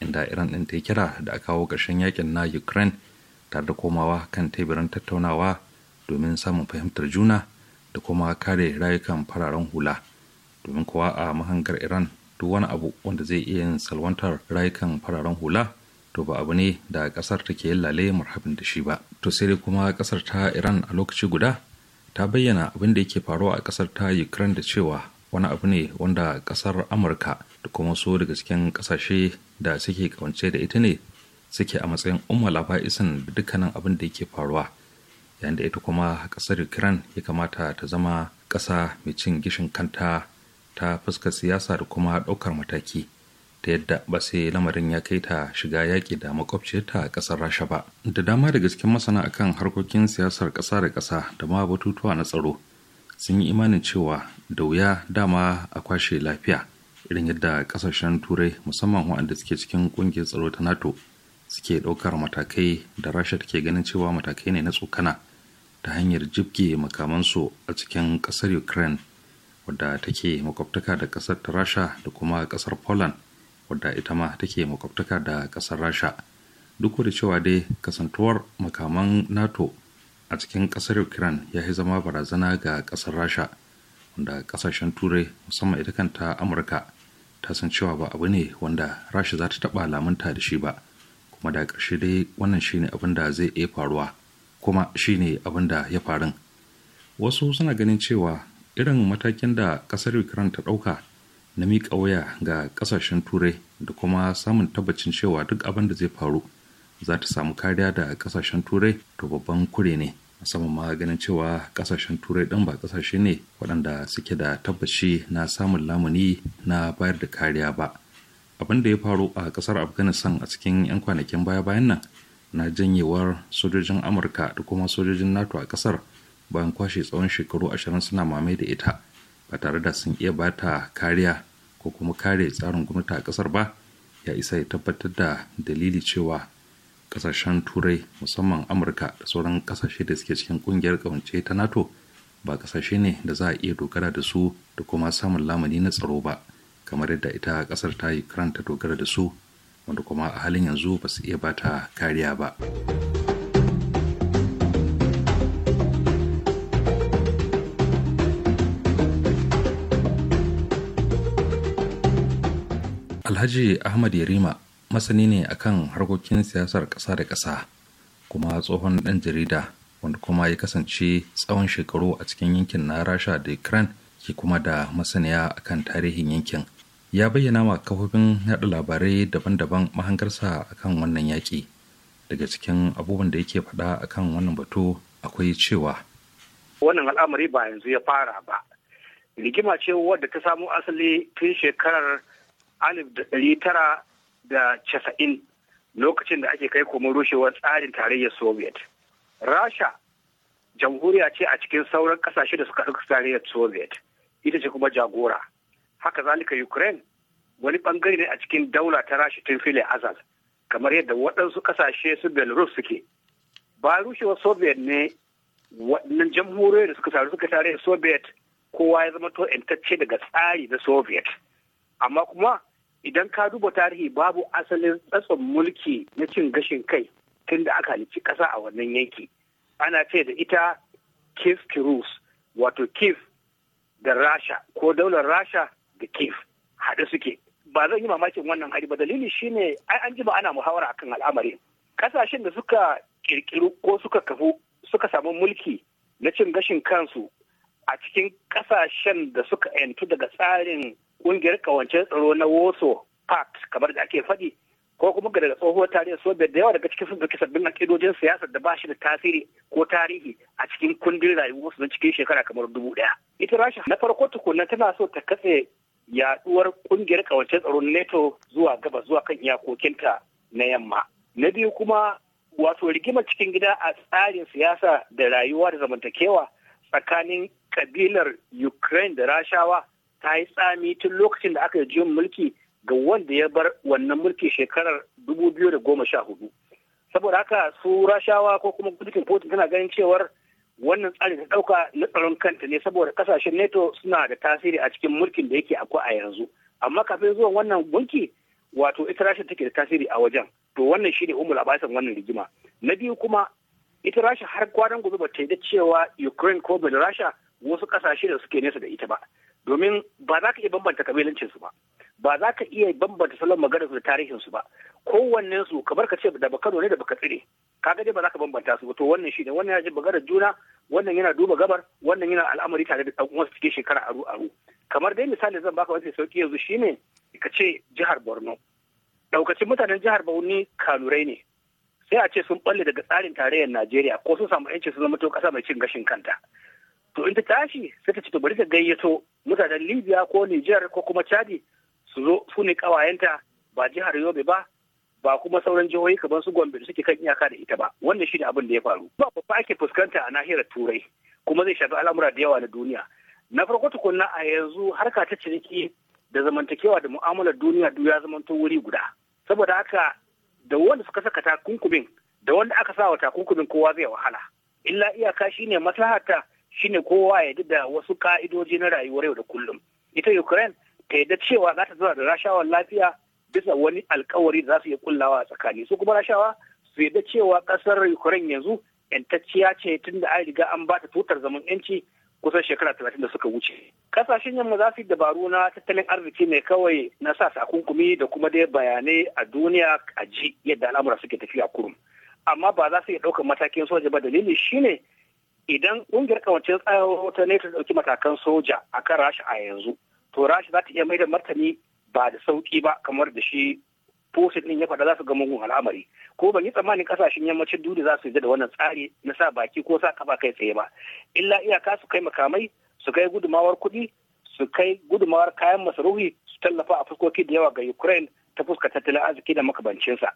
Speaker 5: inda iran ɗin ta yi kira da a kawo ƙarshen yaƙin na ukraine tare da komawa kan teburin tattaunawa domin samun fahimtar juna da kuma kare rayukan fararen hula domin kuwa a mahangar iran duk wani abu wanda zai iya yin salwantar rayukan fararen hula to ba abu ne da kasar take yin lale marhabin da shi ba to sai dai kuma kasar ta iran a lokaci guda ta bayyana abin da yake faruwa a kasar ta ukraine da cewa wani abu ne wanda kasar amurka da kuma so daga cikin kasashe da suke kawance da ita ne suke a matsayin umma laba'isin da dukkanin abin da yake faruwa yayin da ita kuma kasar ukraine ya kamata ta zama ƙasa mai cin gishin kanta ta fuskar siyasa da kuma ɗaukar mataki ta yadda ba sai lamarin ya kai ta shiga yaƙi da makwabciyarta a ƙasar rasha ba da dama da gasken masana akan harkokin siyasar ƙasa da ƙasa da ma batutuwa na tsaro sun yi imanin cewa da wuya dama a kwashe lafiya irin yadda ƙasashen turai musamman waɗanda suke cikin ƙungiyar tsaro ta nato suke ɗaukar matakai da rasha take ganin cewa matakai ne na tsokana ta hanyar jibge makamansu a cikin ƙasar ukraine wadda take makwabtaka da kasar ta rasha da kuma kasar poland wadda ita ma take makwabtaka da kasar rasha duk da cewa dai kasantuwar makaman nato a cikin kasar ukraine ya yi zama barazana ga kasar rasha wanda kasashen turai musamman ita kanta amurka ta san cewa ba abu ne wanda rasha za ta taba lamunta da shi ba kuma da ƙarshe dai wannan shine abin da zai iya faruwa kuma shine abin da ya farin wasu suna ganin cewa irin matakin da kasar ukraine ta ɗauka na miƙa waya ga ƙasashen turai da kuma samun tabbacin cewa duk abin da zai faru za ta samu kariya da ƙasashen turai to babban kure ne musamman ma ganin cewa ƙasashen turai ɗin ba ƙasashe ne waɗanda suke da tabbaci na samun lamuni na bayar da kariya ba abin da ya faru a kasar afghanistan a cikin 'yan kwanakin baya-bayan nan na janyewar sojojin amurka da kuma sojojin nato a kasar. bayan kwashe tsawon shekaru ashirin suna mamai da ita ba tare da sun iya bata kariya ko kuma kare tsarin gwamnati a kasar ba ya isa ya tabbatar da dalili cewa kasashen turai musamman amurka da sauran kasashe da suke cikin kungiyar kawance ta nato ba kasashe ne da za a iya dogara da su da kuma samun lamuni na tsaro ba kamar yadda ita kasar ta ukraine ta dogara da su wanda kuma a halin yanzu ba su iya bata kariya ba. alhaji ahmad yarima masani ne akan harkokin siyasar ƙasa da ƙasa kuma tsohon ɗan jarida wanda kuma ya kasance tsawon shekaru a cikin yankin na rasha da ukraine ke kuma da masaniya akan tarihin yankin ya bayyana ma kafofin yaɗa labarai daban-daban mahangarsa akan wannan yaƙi daga cikin abubuwan da yake faɗa akan wannan batu akwai cewa
Speaker 9: wannan al'amari ba yanzu ya fara ba rigima ce wadda ta samo asali tun shekarar alif da ɗari tara da casa'in lokacin da ake kai komo rushewar tsarin tarayyar soviet rasha jamhuriya ce a cikin sauran kasashe da suka ɗauka tarayyar soviet ita ce kuma jagora haka zalika ukraine wani bangare ne a cikin daula ta rashi tun fili azal kamar yadda waɗansu kasashe su belarus suke ba rushewar soviet ne waɗannan jamhuriyar da suka taru suka tarayyar soviet kowa ya zama to intacce daga tsari na soviet amma kuma idan ka duba tarihi babu asalin tsatson mulki na cin gashin kai tun da aka halicci ƙasa a wannan yanki ana ce da ita kif kirus wato kif da rasha ko daular rasha da kif haɗe suke ba zan yi mamakin wannan hari ba dalili shine ai an ji ba ana muhawara akan al'amari ƙasashen da suka ƙirƙiru ko suka kafu suka samu mulki na cin gashin kansu a cikin kasashen da suka yantu daga tsarin ƙungiyar kawancen tsaro na woso pact kamar da ake faɗi ko kuma daga tsohuwar tarihin soviet da yawa daga cikin sun ɗauki sabbin akidojin siyasa da ba shi da tasiri ko tarihi a cikin kundin rayuwarsu na cikin shekara kamar dubu ɗaya ita rasha na farko tukuna tana so ta katse yaduwar ƙungiyar kawancen tsaron nato zuwa gaba zuwa kan iyakokinta na yamma na biyu kuma wato rigimar cikin gida a tsarin siyasa da rayuwa da zamantakewa tsakanin kabilar ukraine da rashawa ta yi tsami tun lokacin da aka yi mulki ga wanda ya bar wannan mulki shekarar 2014 saboda haka su rashawa ko kuma gwamnatin putin tana ganin cewar wannan tsari ta dauka na tsaron kanta ne saboda kasashen NATO suna da tasiri a cikin mulkin da yake akwai a yanzu amma kafin zuwan wannan gunki wato ita rashin take da tasiri a wajen to wannan shine umul abasan wannan rigima na biyu kuma ita rasha har kwanan gobe ba ta yi da cewa ukraine ko rasha wasu kasashe da suke nesa da ita ba domin ba za ka iya bambanta kabilancin su ba ba za ka iya bambanta salon magana da tarihin su ba kowannen su kamar ka ce da bakano ne da baka tsire ka gaje ba za ka bambanta su ba to wannan shine wannan ya ji maganar juna wannan yana duba gabar wannan yana al'amari tare da ɗan uwansa cikin shekara aru aru kamar dai misali zan baka wani sauki yanzu shine ka ce jihar Borno ɗaukacin mutanen jihar Borno kanurai ne sai a ce sun balle daga tsarin tarayyar Najeriya ko sun samu yanci su zama to kasa mai cin gashin kanta to in ta tashi sai ta ce to bari ta gayyato mutanen Libya ko Niger ko kuma Chadi su zo su ne kawayenta ba jihar Yobe ba ba kuma sauran jihohi kamar su Gombe da suke kan iyaka da ita ba wannan shine abin da ya faru ba babba ake fuskanta a nahiyar Turai kuma zai shafi al'amura da yawa na duniya na farko tukunna a yanzu harka ta ciniki da zamantakewa da mu'amalar duniya duk ya zamanto wuri guda saboda haka da wanda suka saka takunkumin da wanda aka sa wa takunkumin kowa zai wahala illa iyaka shine maslahata shine kowa ya da wasu ka'idoji na rayuwar yau da kullum ita ukraine ta yadda cewa za ta zauna da rashawar lafiya bisa wani alkawari da za su iya kullawa a tsakani su kuma rashawa su yadda cewa kasar ukraine yanzu yantacciya ce tunda da an riga an ba ta tutar zaman yanci kusan shekara talatin da suka wuce kasashen yamma za su yi dabaru na tattalin arziki ne kawai na sa takunkumi da kuma dai bayanai a duniya a ji yadda al'amura suke tafiya kurum amma ba za su iya ɗaukar matakin soja ba dalili shine idan ƙungiyar kawancin tsayawar ta ne ta ɗauki matakan soja a kan rasha a yanzu to rashi za ta iya mai da martani ba da sauƙi ba kamar da shi posted din ya faɗa za su ga mugun al'amari ko ban yi tsammanin kasashen yammacin duniya za su yi da wannan tsari na sa baki ko sa kafa kai tsaye ba illa iyaka su kai makamai su kai gudumawar kuɗi su kai gudumawar kayan masarufi su tallafa a fuskoki da yawa ga ukraine ta fuska tattalin arziki da makabancinsa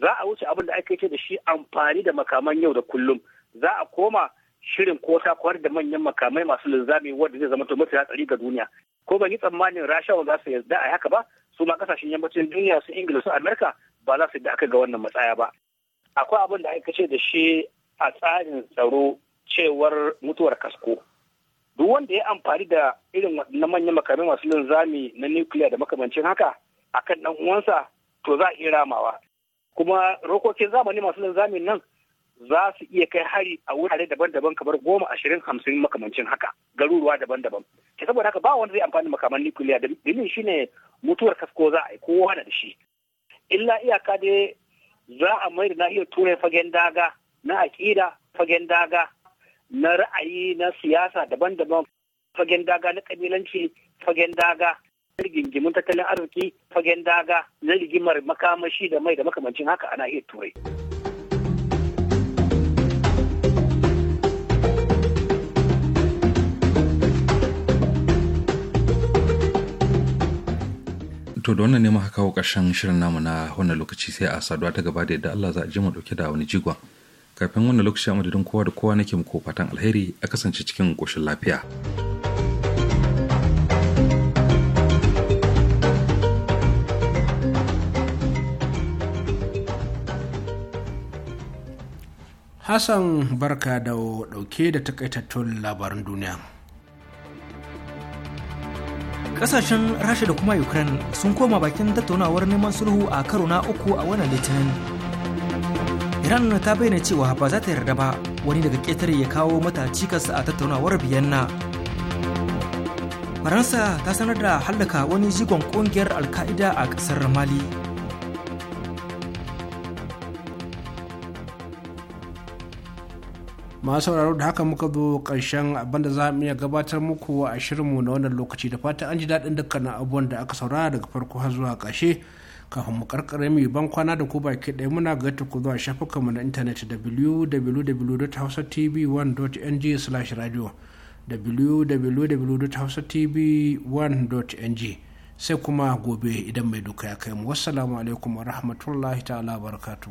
Speaker 9: za a wuce abin da ake ce da shi amfani da makaman yau da kullum za a koma shirin ko kwar da manyan makamai masu linzami wanda zai zama to mafi hatsari ga duniya ko ban yi tsammanin rashawa za su yarda a haka ba su ma kasashen yammacin duniya su ingila su amerika ba za su da aka ga wannan matsaya ba akwai abin da aka ce da shi a tsarin tsaro cewar mutuwar kasko duk wanda ya amfani da irin na manyan makamai masu linzami na nukiliya da makamancin haka akan dan uwansa to za a iya ramawa kuma rokokin zamani masu linzami nan za su iya kai hari a wurare daban-daban kamar goma ashirin hamsin makamancin haka garuruwa daban-daban ke saboda haka ba wanda zai amfani makaman nukiliya dalilin shine mutuwar kasko za a yi kowa da shi illa iyaka dai za a mai da nahiyar turai fagen daga na aƙida fagen daga na ra'ayi na siyasa daban-daban fagen daga na ƙabilanci fagen daga na rigingimin tattalin arziki fagen daga na rigimar makamashi da mai da makamancin haka a nahiyar turai.
Speaker 5: To da wannan ne muka kawo ƙarshen shirin namu na wannan lokaci sai a saduwa ta gaba da yadda Allah za a ji mu dauke da wani jigon. Kafin wannan lokaci a madadin kowa da kowa nake muku fatan alheri a kasance cikin ƙoshin lafiya.
Speaker 4: Hassan barka da dauke da
Speaker 2: takaitattun labaran duniya. kasashen rasha da kuma ukraine sun koma bakin tattaunawar neman sulhu a karo na uku a wannan litinin iran ta bayyana cewa ba za ta yarda ba wani daga ƙetare ya kawo mata cikas a tattaunawar biyanna faransa ta sanar da hallaka wani jigon ƙungiyar alka'ida a ƙasar mali masu sauraro da haka
Speaker 4: muka zo ƙarshen abinda za mu iya gabatar muku a shirinmu na wannan lokaci da fatan an ji daɗin dukkanin abubuwan da aka saurara daga farko har zuwa ƙarshe kafin mu karkare mu ban kwana da ku baki ɗaya muna ga ku zuwa shafukanmu na intanet www.hausatv1.ng/radio www.hausatv1.ng sai kuma gobe idan mai duka ya kai mu wassalamu alaikum wa rahmatullahi ta'ala barakatu.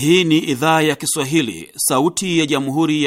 Speaker 3: Hii ni idhaa ya Kiswahili, sauti ya jamhuri ya